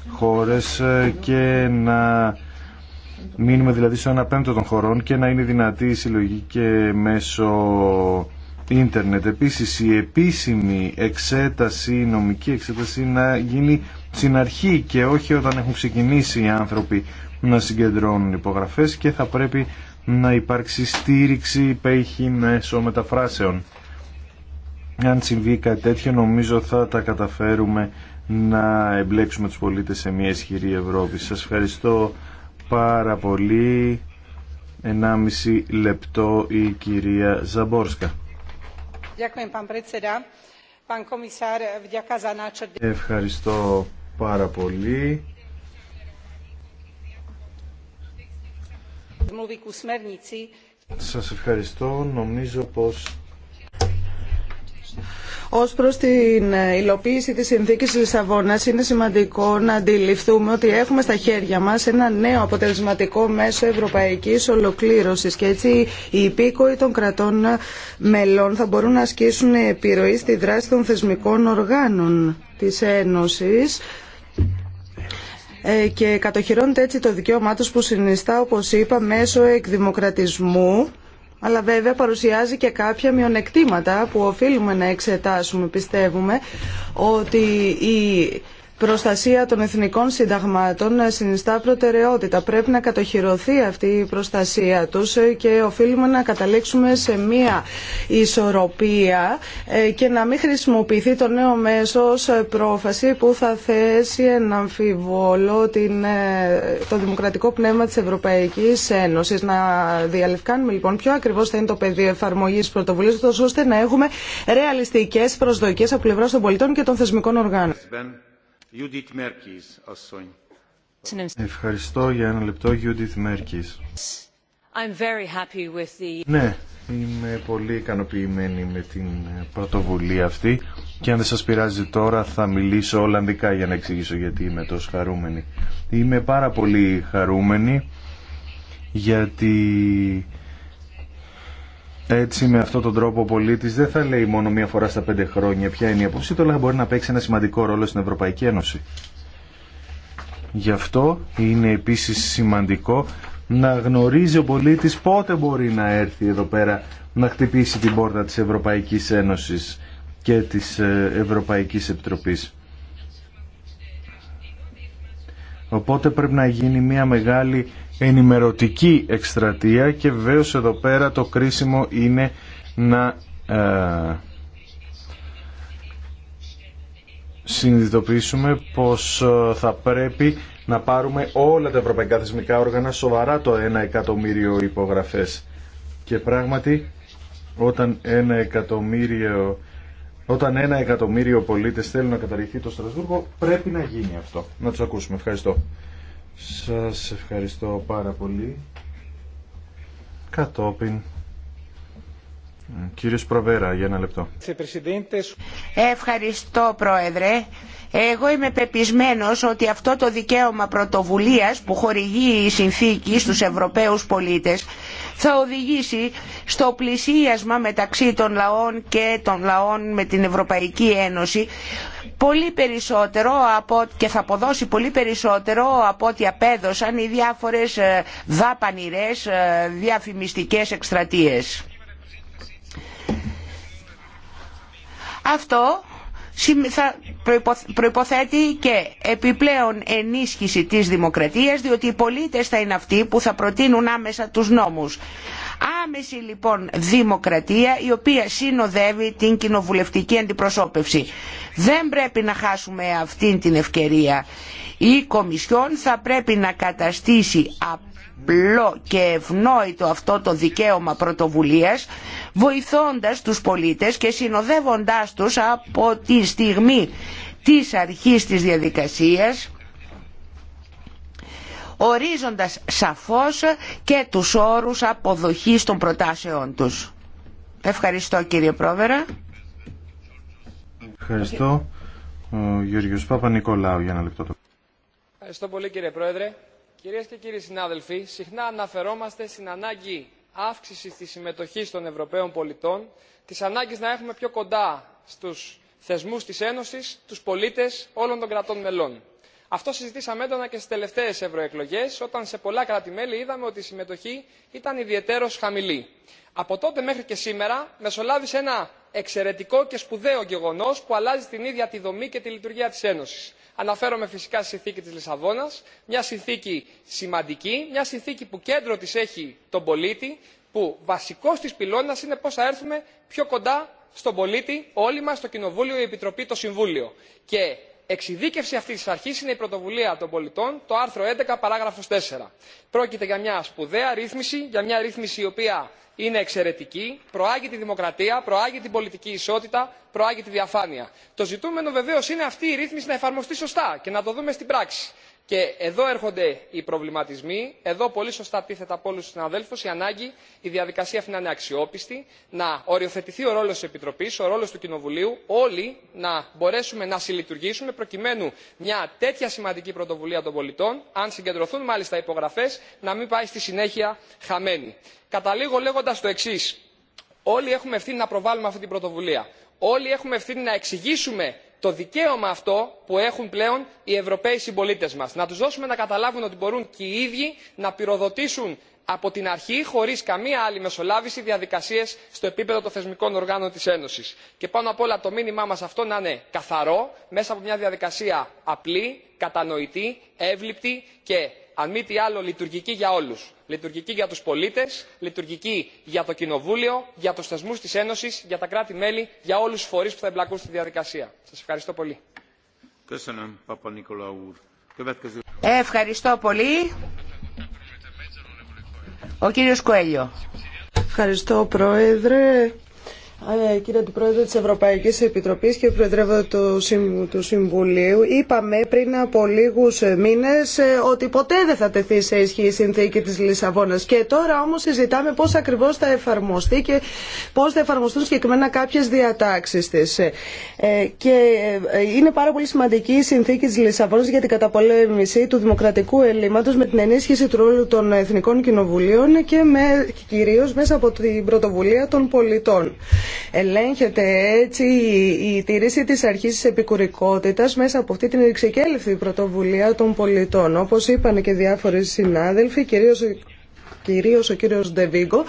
χώρες και να μείνουμε δηλαδή στο 1 πέμπτο των χωρών και να είναι δυνατή η συλλογή και μέσω ίντερνετ. Επίσης η επίσημη εξέταση, η νομική εξέταση να γίνει στην αρχή και όχι όταν έχουν ξεκινήσει οι άνθρωποι να συγκεντρώνουν υπογραφές και θα πρέπει να υπάρξει στήριξη υπέχει μέσω μεταφράσεων. Αν συμβεί κάτι τέτοιο νομίζω θα τα καταφέρουμε να εμπλέξουμε τους πολίτες σε μια ισχυρή Ευρώπη. Σας ευχαριστώ πάρα πολύ. 1,5 λεπτό η κυρία Ζαμπόρσκα. Ευχαριστώ πάρα πολύ. Σας ευχαριστώ. Νομίζω πως Ω προ την ε, υλοποίηση της συνθήκης Λισαβόνα, είναι σημαντικό να αντιληφθούμε ότι έχουμε στα χέρια μας ένα νέο αποτελεσματικό μέσο ευρωπαϊκής ολοκλήρωσης και έτσι οι υπήκοοι των κρατών μελών θα μπορούν να ασκήσουν επιρροή στη δράση των θεσμικών οργάνων της Ένωσης ε, και κατοχυρώνεται έτσι το δικαίωμά τους που συνιστά, όπως είπα, μέσω εκδημοκρατισμού αλλά βέβαια παρουσιάζει και κάποια μειονεκτήματα που οφείλουμε να εξετάσουμε. Πιστεύουμε ότι η προστασία των εθνικών συνταγμάτων ε, συνιστά προτεραιότητα. Πρέπει να κατοχυρωθεί αυτή η προστασία τους ε, και οφείλουμε να καταλήξουμε σε μία ισορροπία ε, και να μην χρησιμοποιηθεί το νέο μέσο ως πρόφαση που θα θέσει ένα αμφιβόλο την, το δημοκρατικό πνεύμα της Ευρωπαϊκής Ένωσης. Να διαλευκάνουμε λοιπόν ποιο ακριβώς θα είναι το πεδίο εφαρμογής πρωτοβουλίας ώστε να έχουμε ρεαλιστικές προσδοκίες από πλευρά των πολιτών και των θεσμικών οργάνων. Ευχαριστώ για ένα λεπτό, Judith Μέρκης. Ναι, είμαι πολύ ικανοποιημένη με την πρωτοβουλία αυτή και αν δεν σας πειράζει τώρα θα μιλήσω Ολλανδικά για να εξηγήσω γιατί είμαι τόσο χαρούμενη. Είμαι πάρα πολύ χαρούμενη γιατί έτσι με αυτόν τον τρόπο ο πολίτης δεν θα λέει μόνο μία φορά στα πέντε χρόνια ποια είναι η απόψη του, αλλά μπορεί να παίξει ένα σημαντικό ρόλο στην Ευρωπαϊκή Ένωση. Γι' αυτό είναι επίσης σημαντικό να γνωρίζει ο πολίτης πότε μπορεί να έρθει εδώ πέρα να χτυπήσει την πόρτα της Ευρωπαϊκής Ένωσης και της ε, Ευρωπαϊκής Επιτροπής. Οπότε πρέπει να γίνει μια μεγάλη ενημερωτική εκστρατεία και βεβαίω εδώ πέρα το κρίσιμο είναι να ε, συνειδητοποιήσουμε πως ε, θα πρέπει να πάρουμε όλα τα ευρωπαϊκά θεσμικά όργανα σοβαρά το 1 εκατομμύριο υπογραφές. Και πράγματι όταν ένα εκατομμύριο όταν ένα εκατομμύριο πολίτες θέλουν να καταργηθεί το Στρασβούργο πρέπει να γίνει αυτό. Να τους ακούσουμε. Ευχαριστώ. Σας ευχαριστώ πάρα πολύ. Κατόπιν. Κύριος Προβέρα, για ένα λεπτό. Ευχαριστώ, Πρόεδρε. Εγώ είμαι πεπισμένος ότι αυτό το δικαίωμα πρωτοβουλίας που χορηγεί η συνθήκη στους Ευρωπαίους πολίτες θα οδηγήσει στο πλησίασμα μεταξύ των λαών και των λαών με την Ευρωπαϊκή Ένωση πολύ περισσότερο από, και θα αποδώσει πολύ περισσότερο από ό,τι απέδωσαν οι διάφορες ε, δάπανηρές ε, διαφημιστικές εκστρατείες. Αυτό θα προϋποθέτει και επιπλέον ενίσχυση της δημοκρατίας διότι οι πολίτες θα είναι αυτοί που θα προτείνουν άμεσα τους νόμους. Άμεση λοιπόν δημοκρατία η οποία συνοδεύει την κοινοβουλευτική αντιπροσώπευση. Δεν πρέπει να χάσουμε αυτήν την ευκαιρία. Η Κομισιόν θα πρέπει να καταστήσει απλό και ευνόητο αυτό το δικαίωμα πρωτοβουλίας βοηθώντας τους πολίτες και συνοδεύοντάς τους από τη στιγμή της αρχής της διαδικασίας ορίζοντας σαφώς και τους όρους αποδοχής των προτάσεών τους. Ευχαριστώ κύριε Πρόεδρε. Ευχαριστώ. Ο Γιώργος Παπα-Νικολάου για ένα λεπτό Ευχαριστώ πολύ κύριε Πρόεδρε. Κυρίες και κύριοι συνάδελφοι, συχνά αναφερόμαστε στην ανάγκη αύξησης της συμμετοχής των Ευρωπαίων πολιτών, της ανάγκης να έχουμε πιο κοντά στους θεσμούς της Ένωσης, τους πολίτες όλων των κρατών μελών αυτό συζητήσαμε έντονα και στι τελευταίε ευρωεκλογέ, όταν σε πολλά κράτη-μέλη είδαμε ότι η συμμετοχή ήταν ιδιαίτερω χαμηλή. Από τότε μέχρι και σήμερα μεσολάβησε ένα εξαιρετικό και σπουδαίο γεγονό που αλλάζει την ίδια τη δομή και τη λειτουργία τη Ένωση. Αναφέρομαι φυσικά στη συνθήκη τη Λισαβόνα, μια συνθήκη σημαντική, μια συνθήκη που κέντρο τη έχει τον πολίτη, που βασικό τη πυλώνα είναι πώ θα έρθουμε πιο κοντά στον πολίτη όλοι μα το κοινοβούλιο η επιτροπή το συμβούλιο και Εξειδίκευση αυτή τη αρχή είναι η πρωτοβουλία των πολιτών, το άρθρο 11, παράγραφος 4. Πρόκειται για μια σπουδαία ρύθμιση, για μια ρύθμιση η οποία είναι εξαιρετική, προάγει τη δημοκρατία, προάγει την πολιτική ισότητα, προάγει τη διαφάνεια. Το ζητούμενο βεβαίω είναι αυτή η ρύθμιση να εφαρμοστεί σωστά και να το δούμε στην πράξη και εδώ έρχονται οι προβληματισμοί εδώ πολύ σωστά τίθεται από όλους τους συναδέλφους η ανάγκη η διαδικασία αυτή να είναι αξιόπιστη να οριοθετηθεί ο ρόλος της επιτροπής ο ρόλος του κοινοβουλίου όλοι να μπορέσουμε να συλλειτουργήσουμε προκειμένου μια τέτοια σημαντική πρωτοβουλία των πολιτών αν συγκεντρωθούν μάλιστα υπογραφές να μην πάει στη συνέχεια χαμένη. καταλήγω λέγοντας το εξή, όλοι έχουμε ευθύνη να προβάλλουμε αυτή την πρωτοβουλία όλοι έχουμε ευθύνη να εξηγήσουμε το δικαίωμα αυτό που έχουν πλέον οι ευρωπαίοι συμπολίτε μα να του δώσουμε να καταλάβουν ότι μπορούν και οι ίδιοι να πυροδοτήσουν από την αρχή χωρί καμία άλλη μεσολάβηση διαδικασίε στο επίπεδο των θεσμικών οργάνων τη ένωση. και πάνω απ' όλα το μήνυμά μα αυτό να είναι καθαρό μέσα από μια διαδικασία απλή κατανοητή εύληπτη και αν μη τι άλλο λειτουργική για όλους λειτουργική για τους πολίτες λειτουργική για το κοινοβούλιο για του θεσμούς της ένωσης για τα κράτη μέλη για όλους τους φορείς που θα εμπλακούν στη διαδικασία. σας ευχαριστώ πολύ. Ευχαριστώ πολύ. Ο κύριος Κοέλιο. Ευχαριστώ Πρόεδρε. Ε, κύριε Αντιπρόεδρε της Ευρωπαϊκής Επιτροπής και Προεδρεύω του, του Συμβουλίου, είπαμε πριν από λίγους ε, μήνες ε, ότι ποτέ δεν θα τεθεί σε ισχύ η συνθήκη της Λισαβόνας. Και τώρα όμως συζητάμε πώς ακριβώς θα εφαρμοστεί και πώς θα εφαρμοστούν συγκεκριμένα κάποιες διατάξεις της. Και είναι πάρα πολύ σημαντική η συνθήκη της Λισαβόνας για την καταπολέμηση του δημοκρατικού ελλείμματος με την ενίσχυση του ρόλου των Εθνικών Κοινοβουλίων και με, κυρίως μέσα από την πρωτοβουλία των πολιτών. Ελέγχεται έτσι η, τηρήση της αρχής της επικουρικότητας μέσα από αυτή την εξεκέλευτη πρωτοβουλία των πολιτών. Όπως είπαν και διάφοροι συνάδελφοι, κυρίως κυρίως ο κύριος Ντεβίγκο,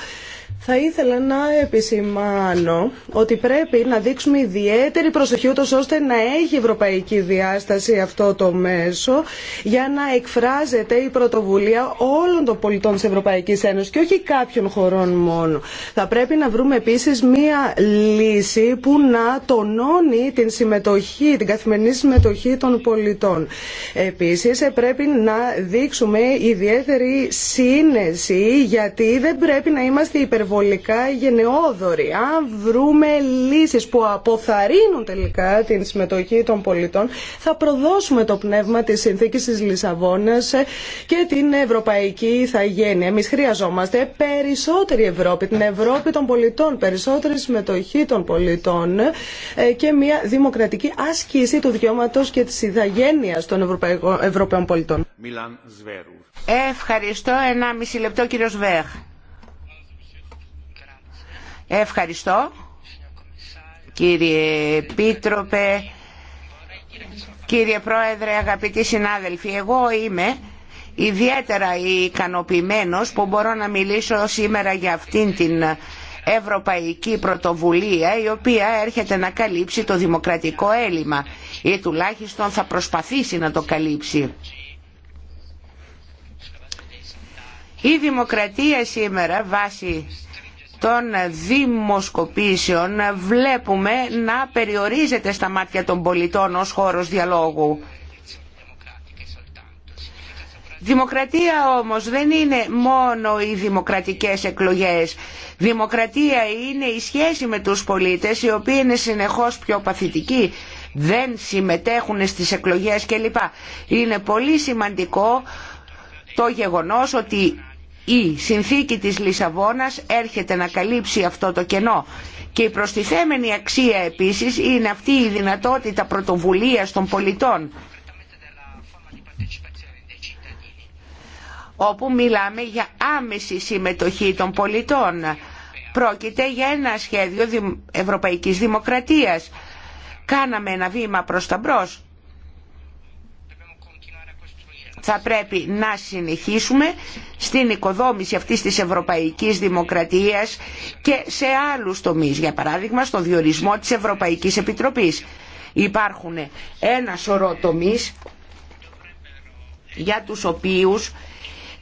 θα ήθελα να επισημάνω ότι πρέπει να δείξουμε ιδιαίτερη προσοχή ούτως ώστε να έχει ευρωπαϊκή διάσταση αυτό το μέσο για να εκφράζεται η πρωτοβουλία όλων των πολιτών της Ευρωπαϊκής Ένωσης και όχι κάποιων χωρών μόνο. Θα πρέπει να βρούμε επίσης μία λύση που να τονώνει την συμμετοχή, την καθημερινή συμμετοχή των πολιτών. Επίσης πρέπει να δείξουμε ιδιαίτερη σύνεση γιατί δεν πρέπει να είμαστε υπερβολικοί υπερβολικά γενναιόδοροι. Αν βρούμε λύσεις που αποθαρρύνουν τελικά την συμμετοχή των πολιτών, θα προδώσουμε το πνεύμα της συνθήκης της Λισαβόνας και την ευρωπαϊκή ηθαγένεια. Εμείς χρειαζόμαστε περισσότερη Ευρώπη, την Ευρώπη των πολιτών, περισσότερη συμμετοχή των πολιτών ε, και μια δημοκρατική άσκηση του δικαιώματος και της ηθαγένειας των Ευρωπαίων πολιτών. Ευχαριστώ. Ένα μισή λεπτό κύριο Σβέχ. Ευχαριστώ κύριε πίτροπε, κύριε Πρόεδρε, αγαπητοί συνάδελφοι. Εγώ είμαι ιδιαίτερα ικανοποιημένος που μπορώ να μιλήσω σήμερα για αυτήν την ευρωπαϊκή πρωτοβουλία η οποία έρχεται να καλύψει το δημοκρατικό έλλειμμα ή τουλάχιστον θα προσπαθήσει να το καλύψει. Η δημοκρατία σήμερα βάσει των δημοσκοπήσεων βλέπουμε να περιορίζεται στα μάτια των πολιτών ως χώρος διαλόγου. Δημοκρατία όμως δεν είναι μόνο οι δημοκρατικές εκλογές. Δημοκρατία είναι η σχέση με τους πολίτες οι οποίοι είναι συνεχώς πιο παθητικοί, δεν συμμετέχουν στις εκλογές κλπ. Είναι πολύ σημαντικό το γεγονός ότι η συνθήκη της Λισαβόνας έρχεται να καλύψει αυτό το κενό. Και η προστιθέμενη αξία επίσης είναι αυτή η δυνατότητα πρωτοβουλίας των πολιτών. όπου μιλάμε για άμεση συμμετοχή των πολιτών. Πρόκειται για ένα σχέδιο Ευρωπαϊκής Δημοκρατίας. Κάναμε ένα βήμα προς τα μπρος θα πρέπει να συνεχίσουμε στην οικοδόμηση αυτής της ευρωπαϊκής δημοκρατίας και σε άλλους τομείς, για παράδειγμα στο διορισμό της Ευρωπαϊκής Επιτροπής. Υπάρχουν ένα σωρό τομείς για τους οποίους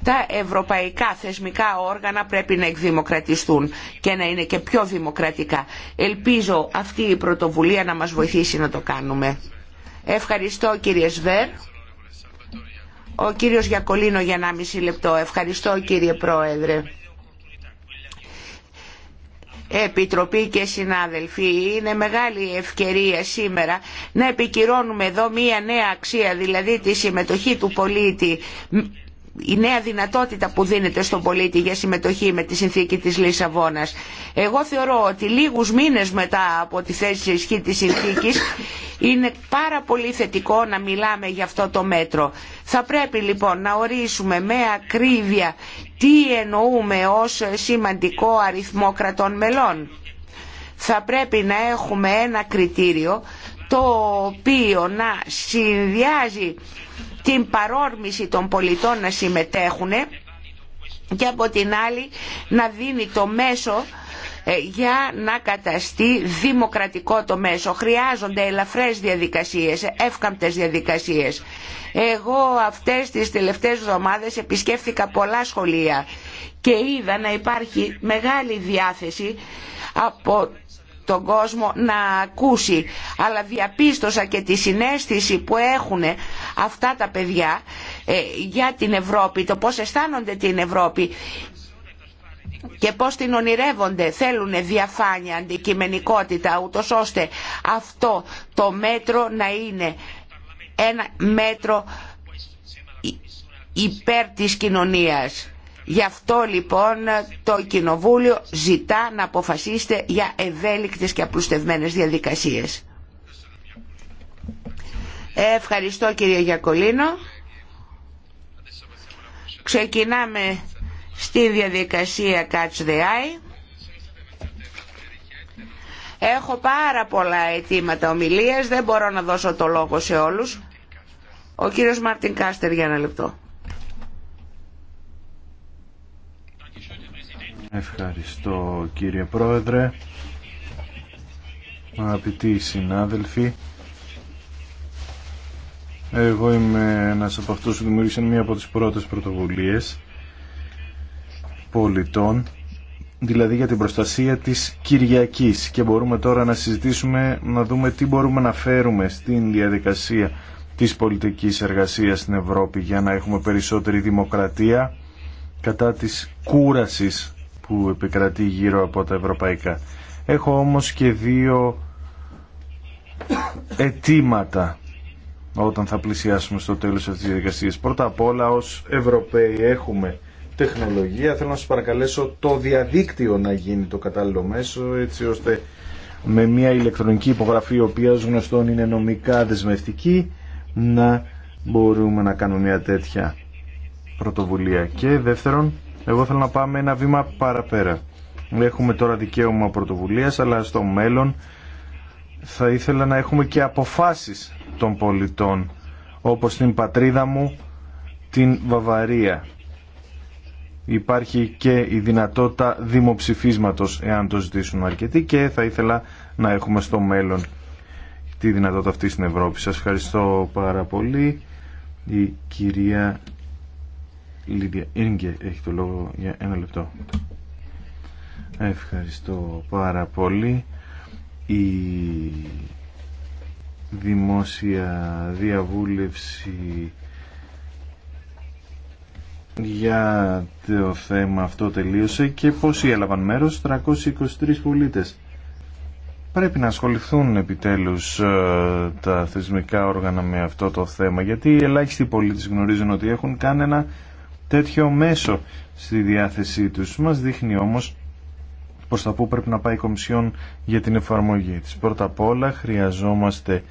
τα ευρωπαϊκά θεσμικά όργανα πρέπει να εκδημοκρατιστούν και να είναι και πιο δημοκρατικά. Ελπίζω αυτή η πρωτοβουλία να μας βοηθήσει να το κάνουμε. Ευχαριστώ κύριε Σβέρ. Ο κύριος Γιακολίνο για 1,5 λεπτό. Ευχαριστώ κύριε Πρόεδρε. Επιτροπή και συνάδελφοι, είναι μεγάλη ευκαιρία σήμερα να επικυρώνουμε εδώ μία νέα αξία, δηλαδή τη συμμετοχή του πολίτη η νέα δυνατότητα που δίνεται στον πολίτη για συμμετοχή με τη συνθήκη της Λισαβόνας. Εγώ θεωρώ ότι λίγους μήνες μετά από τη θέση ισχύ της συνθήκης είναι πάρα πολύ θετικό να μιλάμε για αυτό το μέτρο. Θα πρέπει λοιπόν να ορίσουμε με ακρίβεια τι εννοούμε ως σημαντικό αριθμό κρατών μελών. Θα πρέπει να έχουμε ένα κριτήριο το οποίο να συνδυάζει την παρόρμηση των πολιτών να συμμετέχουν και από την άλλη να δίνει το μέσο ε, για να καταστεί δημοκρατικό το μέσο. Χρειάζονται ελαφρές διαδικασίες, εύκαμπτες διαδικασίες. Εγώ αυτές τις τελευταίες εβδομάδες επισκέφθηκα πολλά σχολεία και είδα να υπάρχει μεγάλη διάθεση από τον κόσμο να ακούσει αλλά διαπίστωσα και τη συνέστηση που έχουν αυτά τα παιδιά ε, για την Ευρώπη το πώς αισθάνονται την Ευρώπη και πώς την ονειρεύονται θέλουν διαφάνεια, αντικειμενικότητα ούτως ώστε αυτό το μέτρο να είναι ένα μέτρο υπέρ της κοινωνίας. Γι' αυτό λοιπόν το Κοινοβούλιο ζητά να αποφασίσετε για ευέλικτες και απλουστευμένες διαδικασίες. Ευχαριστώ κύριε Γιακολίνο. Ξεκινάμε στη διαδικασία Catch the Eye. Έχω πάρα πολλά αιτήματα ομιλίας, δεν μπορώ να δώσω το λόγο σε όλους. Ο κύριος Μάρτιν Κάστερ για ένα λεπτό. Ευχαριστώ κύριε Πρόεδρε. Αγαπητοί συνάδελφοι, εγώ είμαι ένας από αυτούς που δημιούργησαν μία από τις πρώτες πρωτοβουλίες πολιτών, δηλαδή για την προστασία της Κυριακής και μπορούμε τώρα να συζητήσουμε, να δούμε τι μπορούμε να φέρουμε στην διαδικασία της πολιτικής εργασίας στην Ευρώπη για να έχουμε περισσότερη δημοκρατία κατά της κούρασης που επικρατεί γύρω από τα ευρωπαϊκά. Έχω όμως και δύο αιτήματα όταν θα πλησιάσουμε στο τέλος αυτής της διαδικασίας. Πρώτα απ' όλα ως Ευρωπαίοι έχουμε τεχνολογία. Θέλω να σας παρακαλέσω το διαδίκτυο να γίνει το κατάλληλο μέσο έτσι ώστε με μια ηλεκτρονική υπογραφή η οποία ως γνωστόν είναι νομικά δεσμευτική να μπορούμε να κάνουμε μια τέτοια πρωτοβουλία. Και δεύτερον εγώ θέλω να πάμε ένα βήμα παραπέρα. Έχουμε τώρα δικαίωμα πρωτοβουλίας, αλλά στο μέλλον θα ήθελα να έχουμε και αποφάσεις των πολιτών, όπως την πατρίδα μου, την Βαβαρία. Υπάρχει και η δυνατότητα δημοψηφίσματος, εάν το ζητήσουν αρκετοί, και θα ήθελα να έχουμε στο μέλλον τη δυνατότητα αυτή στην Ευρώπη. Σας ευχαριστώ πάρα πολύ. Η κυρία Λίδια έχει το λόγο για ένα λεπτό. Ευχαριστώ πάρα πολύ. Η δημόσια διαβούλευση για το θέμα αυτό τελείωσε και πόσοι έλαβαν μέρος 323 πολίτες πρέπει να ασχοληθούν επιτέλους ε, τα θεσμικά όργανα με αυτό το θέμα γιατί οι ελάχιστοι πολίτες γνωρίζουν ότι έχουν κάνει ένα τέτοιο μέσο στη διάθεσή τους. Μας δείχνει όμως πως τα πού πρέπει να πάει η Κομισιόν για την εφαρμογή της. Πρώτα απ' όλα χρειαζόμαστε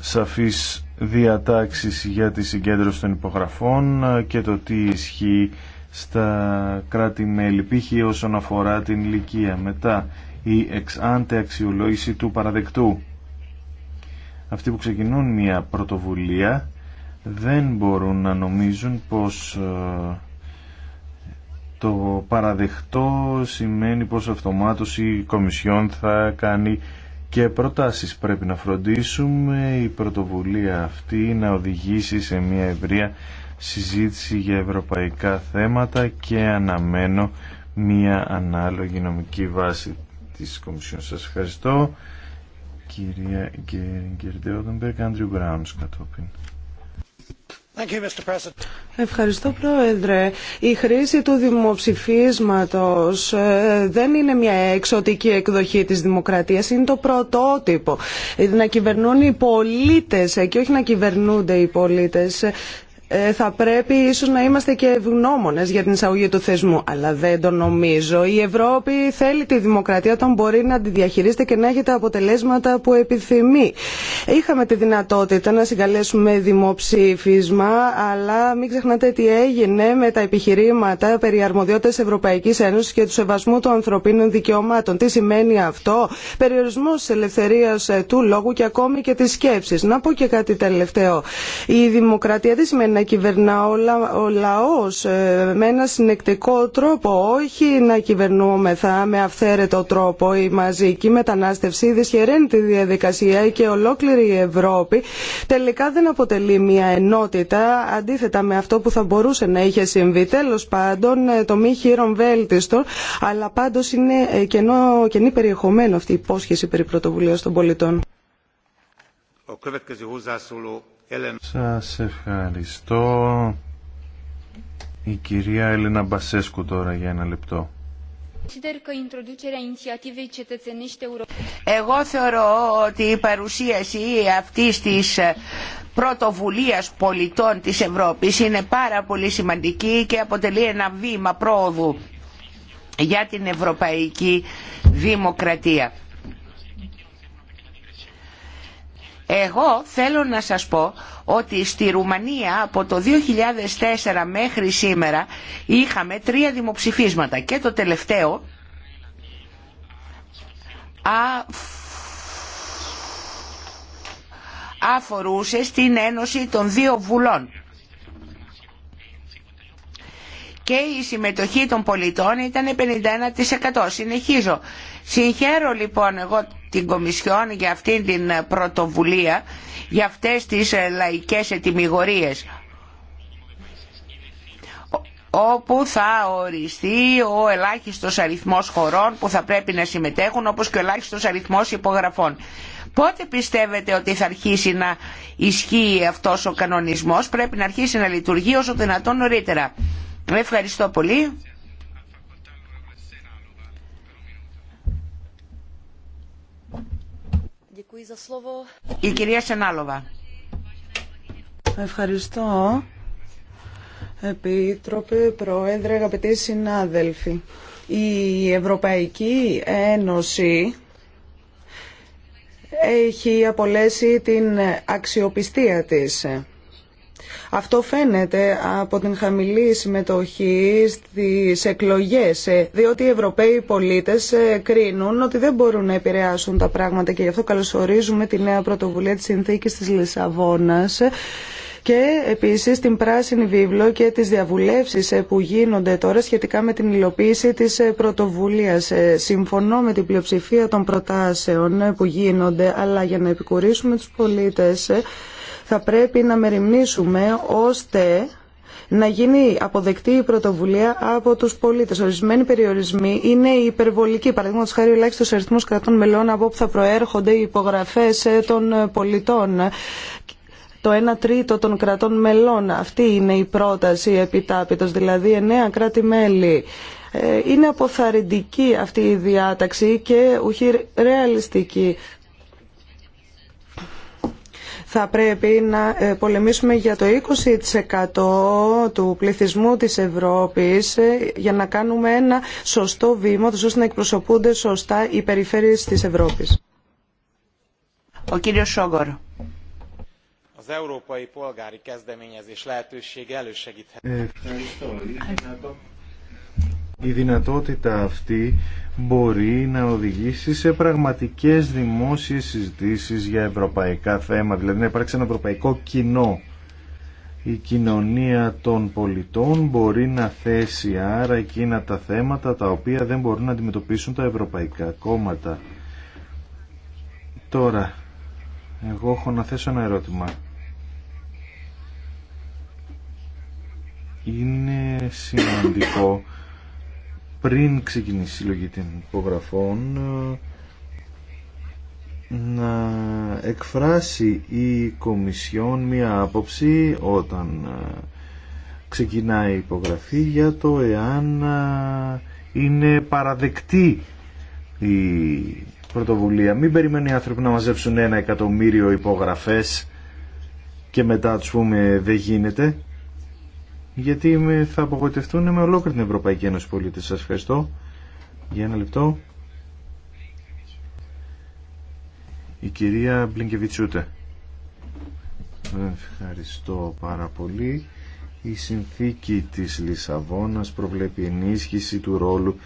σαφείς διατάξεις για τη συγκέντρωση των υπογραφών και το τι ισχύει στα κράτη-μέλη, π.χ. όσον αφορά την ηλικία. Μετά η εξάντε αξιολόγηση του παραδεκτού. Αυτοί που ξεκινούν μια πρωτοβουλία δεν μπορούν να νομίζουν πως ε, το παραδεχτό σημαίνει πως αυτομάτως η Κομισιόν θα κάνει και προτάσεις. Πρέπει να φροντίσουμε η πρωτοβουλία αυτή να οδηγήσει σε μια ευρεία συζήτηση για ευρωπαϊκά θέματα και αναμένω μια ανάλογη νομική βάση της Κομισιόν. Σας ευχαριστώ. Κυρία Άντριου Μπράουνς κατόπιν. Ευχαριστώ Πρόεδρε. Η χρήση του δημοψηφίσματος ε, δεν είναι μια εξωτική εκδοχή της δημοκρατίας, είναι το πρωτότυπο. Να κυβερνούν οι πολίτες ε, και όχι να κυβερνούνται οι πολίτες. Ε, θα πρέπει ίσως να είμαστε και ευγνώμονες για την εισαγωγή του θεσμού. Αλλά δεν το νομίζω. Η Ευρώπη θέλει τη δημοκρατία όταν μπορεί να τη διαχειρίζεται και να έχει τα αποτελέσματα που επιθυμεί. Είχαμε τη δυνατότητα να συγκαλέσουμε δημοψήφισμα, αλλά μην ξεχνάτε τι έγινε με τα επιχειρήματα περί αρμοδιότητας Ευρωπαϊκής Ένωσης και του σεβασμού των ανθρωπίνων δικαιωμάτων. Τι σημαίνει αυτό? Περιορισμός της ελευθερίας ε, του λόγου και ακόμη και της σκέψης. Να πω και κάτι τελευταίο. Η δημοκρατία δεν σημαίνει κυβερνά ο λαός ε, με ένα συνεκτικό τρόπο, όχι να κυβερνούμεθα με αυθαίρετο τρόπο. Η μαζική μετανάστευση δυσχεραίνει τη διαδικασία και ολόκληρη η Ευρώπη τελικά δεν αποτελεί μια ενότητα, αντίθετα με αυτό που θα μπορούσε να είχε συμβεί. τέλο πάντων, ε, το μη χείρον βέλτιστο, αλλά πάντως είναι ε, κενό, κενή περιεχομένο αυτή η υπόσχεση περί πρωτοβουλίας των πολιτών. Ο σας ευχαριστώ. Η κυρία Έλενα Μπασέσκου τώρα για ένα λεπτό. Εγώ θεωρώ ότι η παρουσίαση αυτής της ε, πρωτοβουλία πολιτών της Ευρώπης είναι πάρα πολύ σημαντική και αποτελεί ένα βήμα πρόοδου για την ευρωπαϊκή δημοκρατία. Εγώ θέλω να σας πω ότι στη Ρουμανία από το 2004 μέχρι σήμερα είχαμε τρία δημοψηφίσματα και το τελευταίο αφορούσε στην ένωση των δύο βουλών και η συμμετοχή των πολιτών ήταν 51%. Συνεχίζω. Συγχαίρω λοιπόν εγώ την Κομισιόν για αυτήν την πρωτοβουλία, για αυτές τις ε, λαϊκές ετοιμιγορίες όπου θα οριστεί ο ελάχιστος αριθμός χωρών που θα πρέπει να συμμετέχουν όπως και ο ελάχιστος αριθμός υπογραφών. Πότε πιστεύετε ότι θα αρχίσει να ισχύει αυτός ο κανονισμός, πρέπει να αρχίσει να λειτουργεί όσο δυνατόν νωρίτερα. Ευχαριστώ πολύ. Η κυρία Σενάλοβα. Ευχαριστώ. Επίτροπε, Πρόεδρε, αγαπητοί συνάδελφοι. Η Ευρωπαϊκή Ένωση έχει απολέσει την αξιοπιστία της. Αυτό φαίνεται από την χαμηλή συμμετοχή στις εκλογές, ε, διότι οι Ευρωπαίοι πολίτες ε, κρίνουν ότι δεν μπορούν να επηρεάσουν τα πράγματα και γι' αυτό καλωσορίζουμε τη νέα πρωτοβουλία της συνθήκης της Λισαβόνας και επίσης την πράσινη βίβλο και τις διαβουλεύσεις ε, που γίνονται τώρα σχετικά με την υλοποίηση της πρωτοβουλίας. Συμφωνώ με την πλειοψηφία των προτάσεων που γίνονται, αλλά για να επικουρήσουμε τους πολίτες θα πρέπει να μεριμνήσουμε ώστε να γίνει αποδεκτή η πρωτοβουλία από του πολίτε. Ορισμένοι περιορισμοί είναι υπερβολικοί. Παραδείγματο χάρη, ελάχιστο αριθμό κρατών μελών από όπου θα προέρχονται οι υπογραφέ ε, των ε, πολιτών. Το 1 τρίτο των κρατών μελών. Αυτή είναι η πρόταση επιτάπητος, δηλαδή 9 κράτη-μέλη. Ε, είναι αποθαρρυντική αυτή η διάταξη και ουχή ρεαλιστική θα πρέπει να ε, πολεμήσουμε για το 20% του πληθυσμού της Ευρώπης ε, για να κάνουμε ένα σωστό βήμα, ώστε να εκπροσωπούνται σωστά οι περιφέρειες της Ευρώπης. Ο κύριος Σόγκορ. Ευχαριστώ. Η δυνατότητα αυτή μπορεί να οδηγήσει σε πραγματικές δημόσιες συζητήσεις για ευρωπαϊκά θέματα, δηλαδή να υπάρξει ένα ευρωπαϊκό κοινό. Η κοινωνία των πολιτών μπορεί να θέσει άρα εκείνα τα θέματα τα οποία δεν μπορούν να αντιμετωπίσουν τα ευρωπαϊκά κόμματα. Τώρα, εγώ έχω να θέσω ένα ερώτημα. Είναι σημαντικό πριν ξεκινήσει η συλλογή των υπογραφών ε, να εκφράσει η Κομισιόν μία άποψη όταν ε, ξεκινάει η υπογραφή για το εάν ε, είναι παραδεκτή η πρωτοβουλία. Μην περιμένει οι άνθρωποι να μαζέψουν ένα εκατομμύριο υπογραφές και μετά τους πούμε δεν γίνεται γιατί θα απογοητευτούν με ολόκληρη την Ευρωπαϊκή Ένωση πολίτε. Σα ευχαριστώ. Για ένα λεπτό. Η κυρία Μπλινκεβιτσούτε. Ευχαριστώ πάρα πολύ. Η συνθήκη της Λισαβόνας προβλέπει ενίσχυση του ρόλου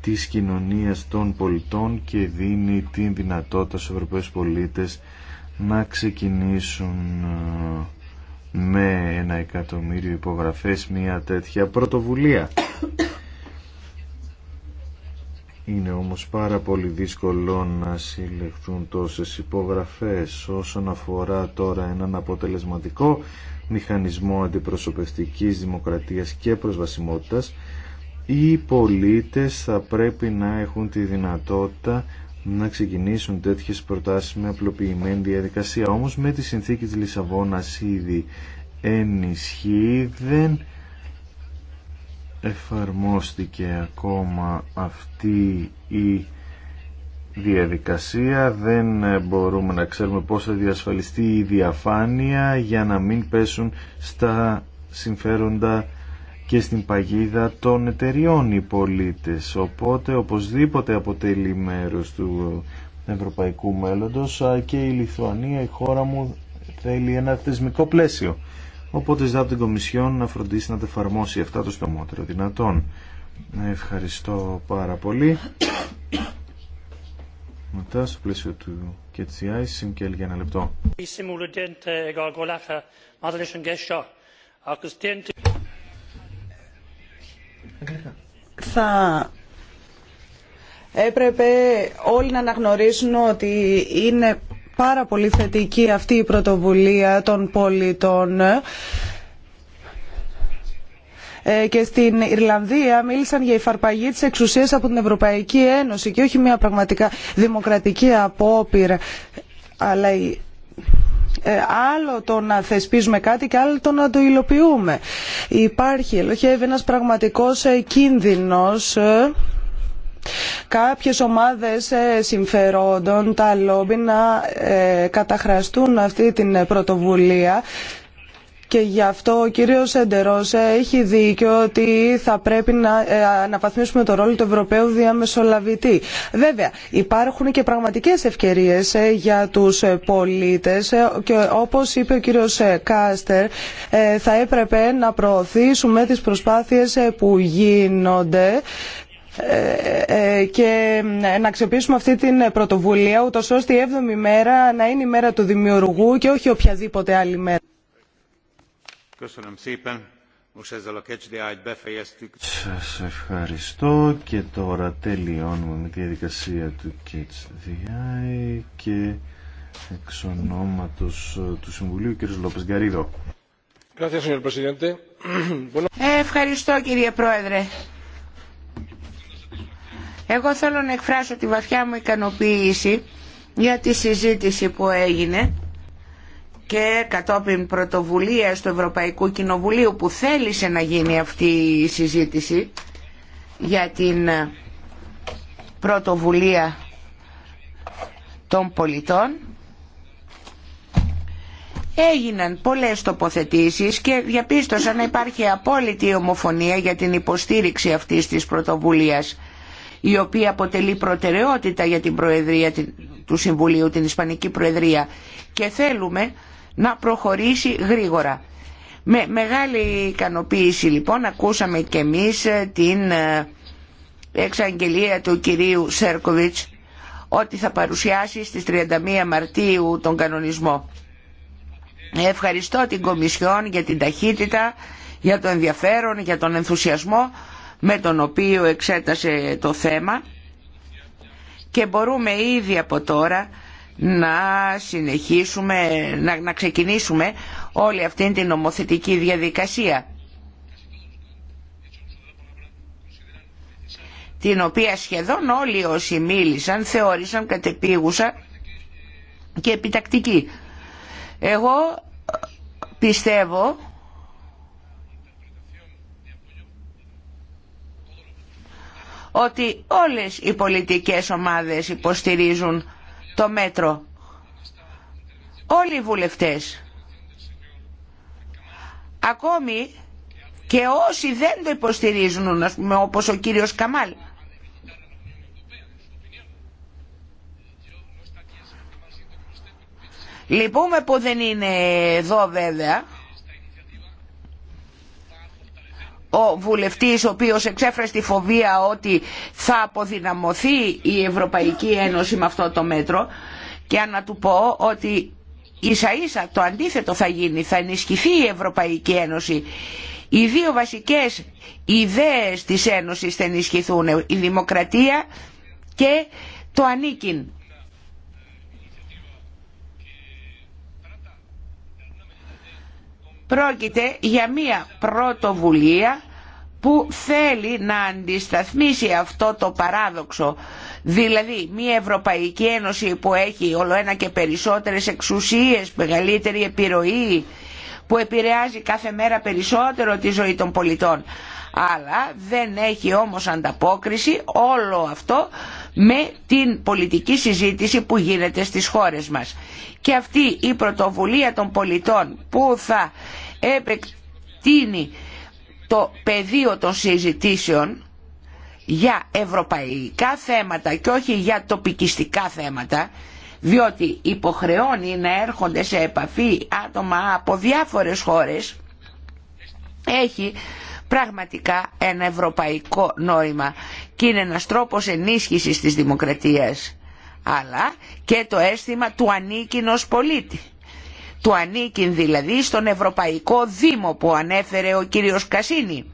της κοινωνίας των πολιτών και δίνει την δυνατότητα στους Ευρωπαίους πολίτες να ξεκινήσουν ε, με ένα εκατομμύριο υπογραφές μια τέτοια πρωτοβουλία. Είναι όμως πάρα πολύ δύσκολο να συλλεχθούν τόσες υπογραφές όσον αφορά τώρα έναν αποτελεσματικό μηχανισμό αντιπροσωπευτικής δημοκρατίας και προσβασιμότητας οι πολίτες θα πρέπει να έχουν τη δυνατότητα να ξεκινήσουν τέτοιες προτάσεις με απλοποιημένη διαδικασία. Όμως με τη συνθήκη της Λισαβόνας ήδη ενισχύει, δεν εφαρμόστηκε ακόμα αυτή η διαδικασία, δεν μπορούμε να ξέρουμε πώς θα διασφαλιστεί η διαφάνεια για να μην πέσουν στα συμφέροντα και στην παγίδα των εταιριών οι πολίτες. Οπότε οπωσδήποτε αποτελεί μέρος του ευρωπαϊκού μέλλοντος και η Λιθουανία, η χώρα μου, θέλει ένα θεσμικό πλαίσιο. Οπότε ζητάω από την Κομισιόν να φροντίσει να τα εφαρμόσει αυτά το στομότερο δυνατόν. Ευχαριστώ πάρα πολύ. Μετά στο πλαίσιο του ΚΕΤΣΙΑΙ, για ένα λεπτό θα έπρεπε όλοι να αναγνωρίσουν ότι είναι πάρα πολύ θετική αυτή η πρωτοβουλία των πολιτών ε, και στην Ιρλανδία μίλησαν για υφαρπαγή της εξουσίας από την Ευρωπαϊκή Ένωση και όχι μια πραγματικά δημοκρατική απόπειρα αλλά ε, άλλο το να θεσπίζουμε κάτι και άλλο το να το υλοποιούμε. Υπάρχει, ελοχεύει ένας πραγματικός ε, κίνδυνος ε, κάποιες ομάδες συμφερόντων, τα λόμπι να καταχραστούν αυτή την πρωτοβουλία και γι' αυτό ο κύριο Εντερός έχει δίκιο ότι θα πρέπει να ε, αναβαθμίσουμε το ρόλο του Ευρωπαίου διαμεσολαβητή. Βέβαια, υπάρχουν και πραγματικές ευκαιρίες ε, για τους ε, πολίτες και όπως είπε ο κύριος Κάστερ, θα έπρεπε να προωθήσουμε τις προσπάθειες που γίνονται και να αξιοποιήσουμε αυτή την πρωτοβουλία ούτως ώστε η 7η μέρα να είναι η μέρα του δημιουργού και όχι οποιαδήποτε άλλη μέρα. Σας ευχαριστώ και τώρα τελειώνουμε με τη διαδικασία του Catch the Eye και εξ ονόματος ε, του Συμβουλίου κ. Λόπες Γκαρίδο. Ε, ευχαριστώ κύριε Πρόεδρε. Εγώ θέλω να εκφράσω τη βαθιά μου ικανοποίηση για τη συζήτηση που έγινε και κατόπιν πρωτοβουλία του Ευρωπαϊκού Κοινοβουλίου που θέλησε να γίνει αυτή η συζήτηση για την πρωτοβουλία των πολιτών έγιναν πολλές τοποθετήσεις και διαπίστωσαν να υπάρχει απόλυτη ομοφωνία για την υποστήριξη αυτής της πρωτοβουλίας η οποία αποτελεί προτεραιότητα για την Προεδρία του Συμβουλίου, την Ισπανική Προεδρία και θέλουμε να προχωρήσει γρήγορα. Με μεγάλη ικανοποίηση λοιπόν ακούσαμε και εμείς ε, την ε, εξαγγελία του κυρίου Σέρκοβιτς ότι θα παρουσιάσει στις 31 Μαρτίου τον κανονισμό. Ευχαριστώ την Κομισιόν για την ταχύτητα, για το ενδιαφέρον, για τον ενθουσιασμό με τον οποίο εξέτασε το θέμα και μπορούμε ήδη από τώρα να συνεχίσουμε, να, να ξεκινήσουμε όλη αυτή την νομοθετική διαδικασία την οποία σχεδόν όλοι όσοι μίλησαν θεώρησαν κατεπίγουσα και επιτακτική. Εγώ πιστεύω ότι όλες οι πολιτικές ομάδες υποστηρίζουν το μέτρο. Όλοι οι βουλευτές, ακόμη και όσοι δεν το υποστηρίζουν, πούμε, όπως ο κύριος Καμάλ, Λυπούμε που δεν είναι εδώ βέβαια. ο βουλευτής ο οποίος εξέφρασε τη φοβία ότι θα αποδυναμωθεί η Ευρωπαϊκή Ένωση με αυτό το μέτρο και να του πω ότι ίσα ίσα το αντίθετο θα γίνει, θα ενισχυθεί η Ευρωπαϊκή Ένωση. Οι δύο βασικές ιδέες της Ένωσης θα ενισχυθούν, η δημοκρατία και το ανήκειν. Πρόκειται για μία πρωτοβουλία που θέλει να αντισταθμίσει αυτό το παράδοξο. Δηλαδή μια Ευρωπαϊκή Ένωση που έχει όλο ένα και περισσότερες εξουσίες, μεγαλύτερη επιρροή, που επηρεάζει κάθε μέρα περισσότερο τη ζωή των πολιτών. Αλλά δεν έχει όμως ανταπόκριση όλο αυτό με την πολιτική συζήτηση που γίνεται στις χώρες μας. Και αυτή η πρωτοβουλία των πολιτών που θα επεκτείνει το πεδίο των συζητήσεων για ευρωπαϊκά θέματα και όχι για τοπικιστικά θέματα διότι υποχρεώνει να έρχονται σε επαφή άτομα από διάφορες χώρες έχει πραγματικά ένα ευρωπαϊκό νόημα και είναι ένας τρόπος ενίσχυσης της δημοκρατίας αλλά και το αίσθημα του ανήκεινος πολίτη του ανήκειν δηλαδή στον Ευρωπαϊκό Δήμο που ανέφερε ο κύριος Κασίνη.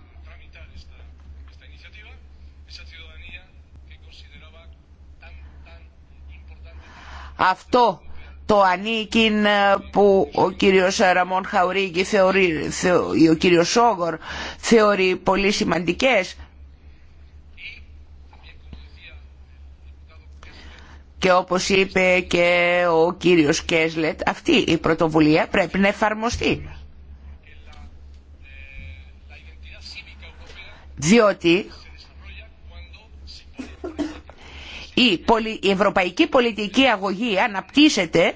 Αυτό το ανήκειν ε, που ο κύριος Ραμόν Χαουρίγκη θεωρεί, ο κύριος Σόγορ θεωρεί πολύ σημαντικές και όπως είπε και ο κύριος Κέσλετ, αυτή η πρωτοβουλία πρέπει να εφαρμοστεί. Διότι η ευρωπαϊκή πολιτική αγωγή αναπτύσσεται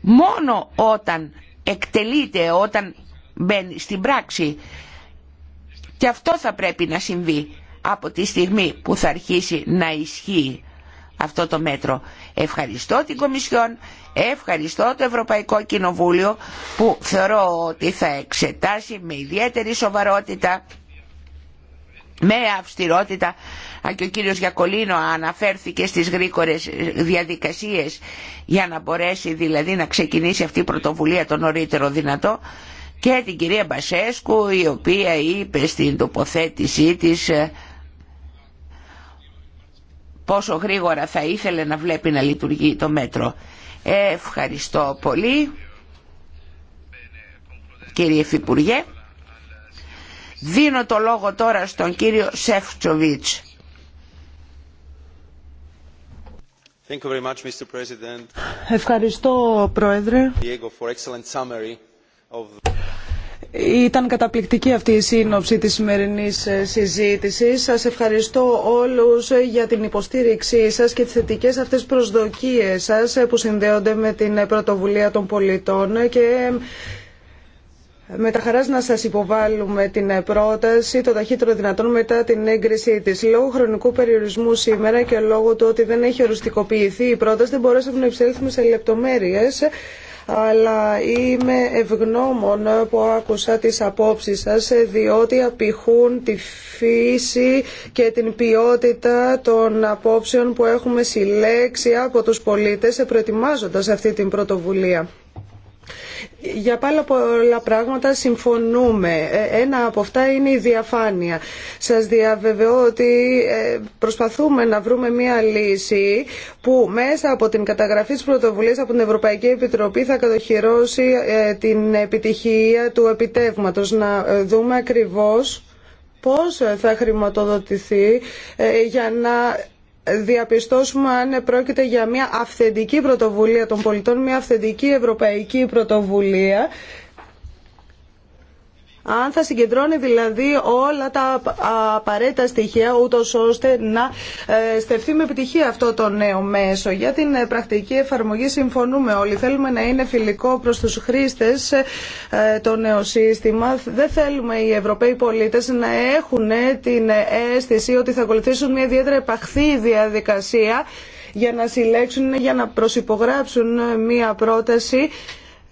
μόνο όταν εκτελείται, όταν μπαίνει στην πράξη. Και αυτό θα πρέπει να συμβεί από τη στιγμή που θα αρχίσει να ισχύει αυτό το μέτρο. Ευχαριστώ την Κομισιόν, ευχαριστώ το Ευρωπαϊκό Κοινοβούλιο που θεωρώ ότι θα εξετάσει με ιδιαίτερη σοβαρότητα, με αυστηρότητα, αν και ο κύριος Γιακολίνο αναφέρθηκε στις γρήγορες ε, διαδικασίες για να μπορέσει δηλαδή να ξεκινήσει αυτή η πρωτοβουλία το νωρίτερο δυνατό, και την κυρία Μπασέσκου η οποία είπε στην τοποθέτησή της ε, πόσο γρήγορα θα ήθελε να βλέπει να λειτουργεί το μέτρο. Ευχαριστώ πολύ κύριε Υφυπουργέ. Δίνω το λόγο τώρα στον κύριο Σεφτσοβίτς. Ευχαριστώ, Πρόεδρε. Ήταν καταπληκτική αυτή η σύνοψη της σημερινής ε, συζήτησης. Σας ευχαριστώ όλους ε, για την υποστήριξή σας και τις θετικές αυτές προσδοκίες σας ε, που συνδέονται με την πρωτοβουλία των πολιτών και με τα χαράς να σας υποβάλουμε την πρόταση το ταχύτερο δυνατόν μετά την έγκρισή της. Λόγω χρονικού περιορισμού σήμερα και λόγω του ότι δεν έχει οριστικοποιηθεί η πρόταση δεν μπορέσαμε να υψέλθουμε σε λεπτομέρειες αλλά είμαι ευγνώμων που άκουσα τις απόψεις σας διότι απηχούν τη φύση και την ποιότητα των απόψεων που έχουμε συλλέξει από τους πολίτες προετοιμάζοντας αυτή την πρωτοβουλία. Για πάρα πολλά πράγματα συμφωνούμε. Ε, ένα από αυτά είναι η διαφάνεια. Σας διαβεβαιώ ότι ε, προσπαθούμε να βρούμε μια λύση που μέσα από την καταγραφή της πρωτοβουλίας από την Ευρωπαϊκή Επιτροπή θα κατοχυρώσει ε, την επιτυχία του επιτεύγματος. Να δούμε ακριβώς πώς θα χρηματοδοτηθεί για να διαπιστώσουμε αν πρόκειται για μια αυθεντική πρωτοβουλία των πολιτών, μια αυθεντική ευρωπαϊκή πρωτοβουλία αν θα συγκεντρώνει δηλαδή όλα τα απαραίτητα στοιχεία ούτω ώστε να ε, στεφθεί με επιτυχία αυτό το νέο μέσο. Για την ε, πρακτική εφαρμογή συμφωνούμε όλοι. Θέλουμε να είναι φιλικό προς τους χρήστες ε, το νέο σύστημα. Δεν θέλουμε οι Ευρωπαίοι πολίτες να έχουν την αίσθηση ότι θα ακολουθήσουν μια ιδιαίτερα επαχθή διαδικασία για να συλλέξουν, για να προσυπογράψουν μια πρόταση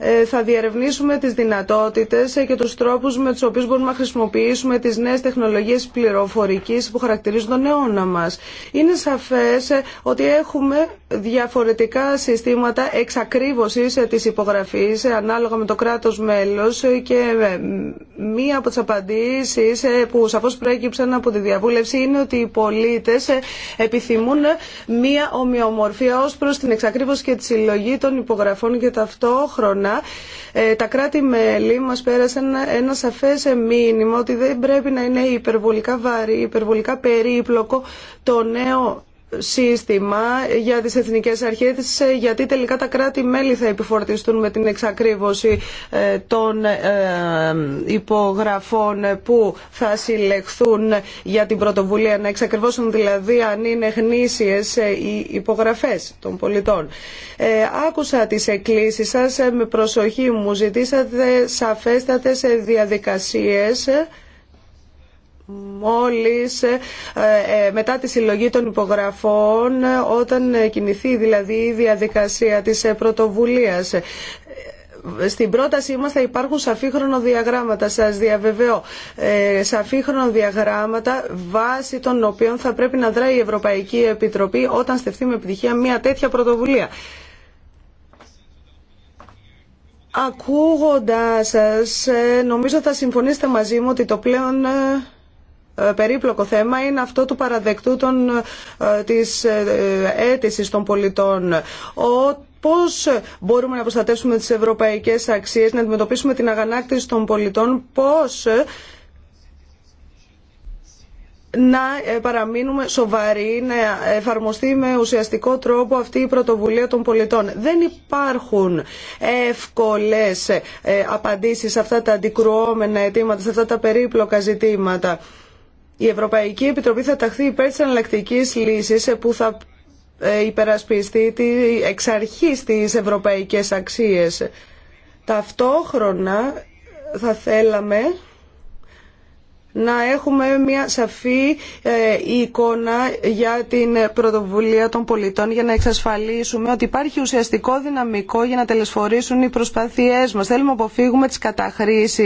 ε, θα διερευνήσουμε τις δυνατότητες και τους τρόπους με τους οποίους μπορούμε να χρησιμοποιήσουμε τις νέες τεχνολογίες πληροφορικής που χαρακτηρίζουν τον αιώνα μας. Είναι σαφές ε, ότι έχουμε διαφορετικά συστήματα εξακρίβωσης ε, της υπογραφής ανάλογα με το κράτος μέλος και μία από τις απαντήσεις που σαφώς προέκυψαν από τη διαβούλευση είναι ότι οι πολίτες επιθυμούν μία ομοιομορφία ως προς την εξακρίβωση και τη συλλογή των υπογραφών και ταυτόχρονα ε, τα κράτη-μέλη μας πέρασαν ένα σαφές μήνυμα ότι δεν πρέπει να είναι υπερβολικά βαρύ, υπερβολικά περίπλοκο το νέο σύστημα για τις εθνικές αρχές ε, γιατί τελικά τα κράτη-μέλη θα επιφορτιστούν με την εξακρίβωση ε, των ε, υπογραφών που θα συλλεχθούν για την πρωτοβουλία να εξακριβώσουν δηλαδή αν είναι γνήσιες οι υπογραφές των πολιτών. Άκουσα τις εκκλήσεις σας με προσοχή μου ζητήσατε σαφέστατες διαδικασίες μόλις ε, ε, μετά τη συλλογή των υπογραφών όταν κινηθεί δηλαδή η διαδικασία της ε, πρωτοβουλίας. Στην πρότασή μας θα υπάρχουν σαφή χρονοδιαγράμματα, σας διαβεβαιώ, σαφή χρονοδιαγράμματα βάσει των οποίων θα πρέπει να δράει η Ευρωπαϊκή Επιτροπή όταν στεφτεί με επιτυχία μια τέτοια πρωτοβουλία. Ακούγοντάς σας, νομίζω θα συμφωνήσετε μαζί μου ότι το πλέον ε, περίπλοκο θέμα είναι αυτό του παραδεκτού των, ε, της ε, αίτησης των πολιτών πώς μπορούμε να προστατεύσουμε τις ευρωπαϊκές αξίες, να αντιμετωπίσουμε την αγανάκτηση των πολιτών, πώς να παραμείνουμε σοβαροί, να εφαρμοστεί με ουσιαστικό τρόπο αυτή η πρωτοβουλία των πολιτών. Δεν υπάρχουν εύκολες απαντήσεις σε αυτά τα αντικρουόμενα αιτήματα, σε αυτά τα περίπλοκα ζητήματα η Ευρωπαϊκή Επιτροπή θα ταχθεί υπέρ της εναλλακτικής λύσης ε, που θα ε, υπερασπιστεί εξ αρχής τις ευρωπαϊκές αξίες. Ταυτόχρονα ε, θα θέλαμε να έχουμε μια σαφή εικόνα για την πρωτοβουλία των πολιτών για να εξασφαλίσουμε ότι υπάρχει ουσιαστικό δυναμικό για να τελεσφορήσουν οι προσπάθειές μας. Θέλουμε να αποφύγουμε τις καταχρήσεις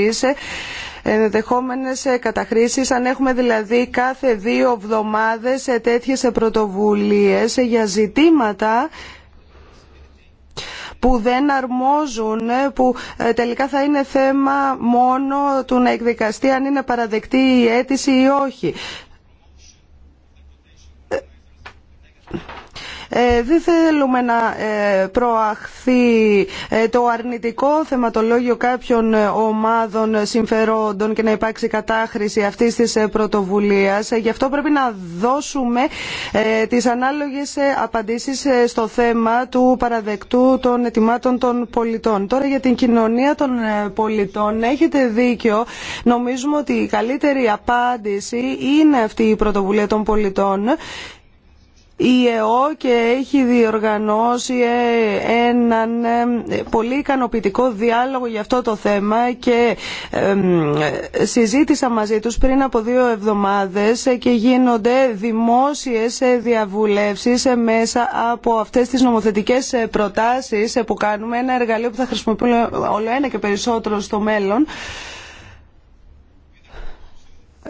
ενδεχόμενες ε, καταχρήσεις αν έχουμε δηλαδή κάθε δύο εβδομάδες ε, τέτοιες ε, πρωτοβουλίες για ζητήματα που δεν αρμόζουν, που τελικά θα είναι θέμα μόνο του να εκδικαστεί αν είναι παραδεκτή η αίτηση ή όχι. Ε, δεν θέλουμε να ε, προαχθεί ε, το αρνητικό θεματολόγιο κάποιων ομάδων συμφερόντων και να υπάρξει κατάχρηση αυτής της πρωτοβουλίας. Γι' αυτό πρέπει να δώσουμε τις ανάλογες απαντήσεις στο θέμα του παραδεκτού των ετοιμάτων των πολιτών. Τώρα για την κοινωνία των πολιτών έχετε δίκιο. Νομίζουμε ότι η καλύτερη απάντηση είναι αυτή η πρωτοβουλία των πολιτών η ΕΟ και έχει διοργανώσει ε, έναν ε, πολύ ικανοποιητικό διάλογο για αυτό το θέμα και συζήτησα μαζί τους πριν από δύο εβδομάδες ε, και γίνονται δημόσιες διαβουλεύσεις μέσα από αυτές τις νομοθετικές προτάσεις που κάνουμε, ένα εργαλείο που θα χρησιμοποιούμε όλο ένα και περισσότερο στο μέλλον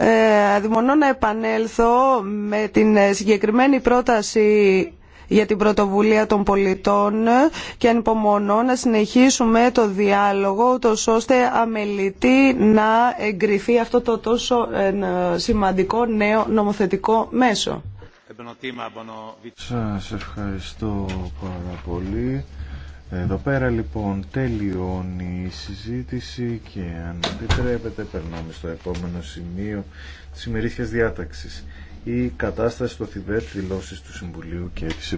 ε, αδειμονώ να επανέλθω με την ε, συγκεκριμένη πρόταση για την πρωτοβουλία των πολιτών και ανυπομονώ να συνεχίσουμε το διάλογο τόσο ώστε αμελητή να εγκριθεί αυτό το τόσο ε, σημαντικό νέο νομοθετικό μέσο. ευχαριστώ πολύ. Εδώ πέρα λοιπόν τελειώνει η συζήτηση και αν επιτρέπετε περνάμε στο επόμενο σημείο της ημερήθειας διάταξης. Η κατάσταση στο Θιβέτ, δηλώσεις του Συμβουλίου και της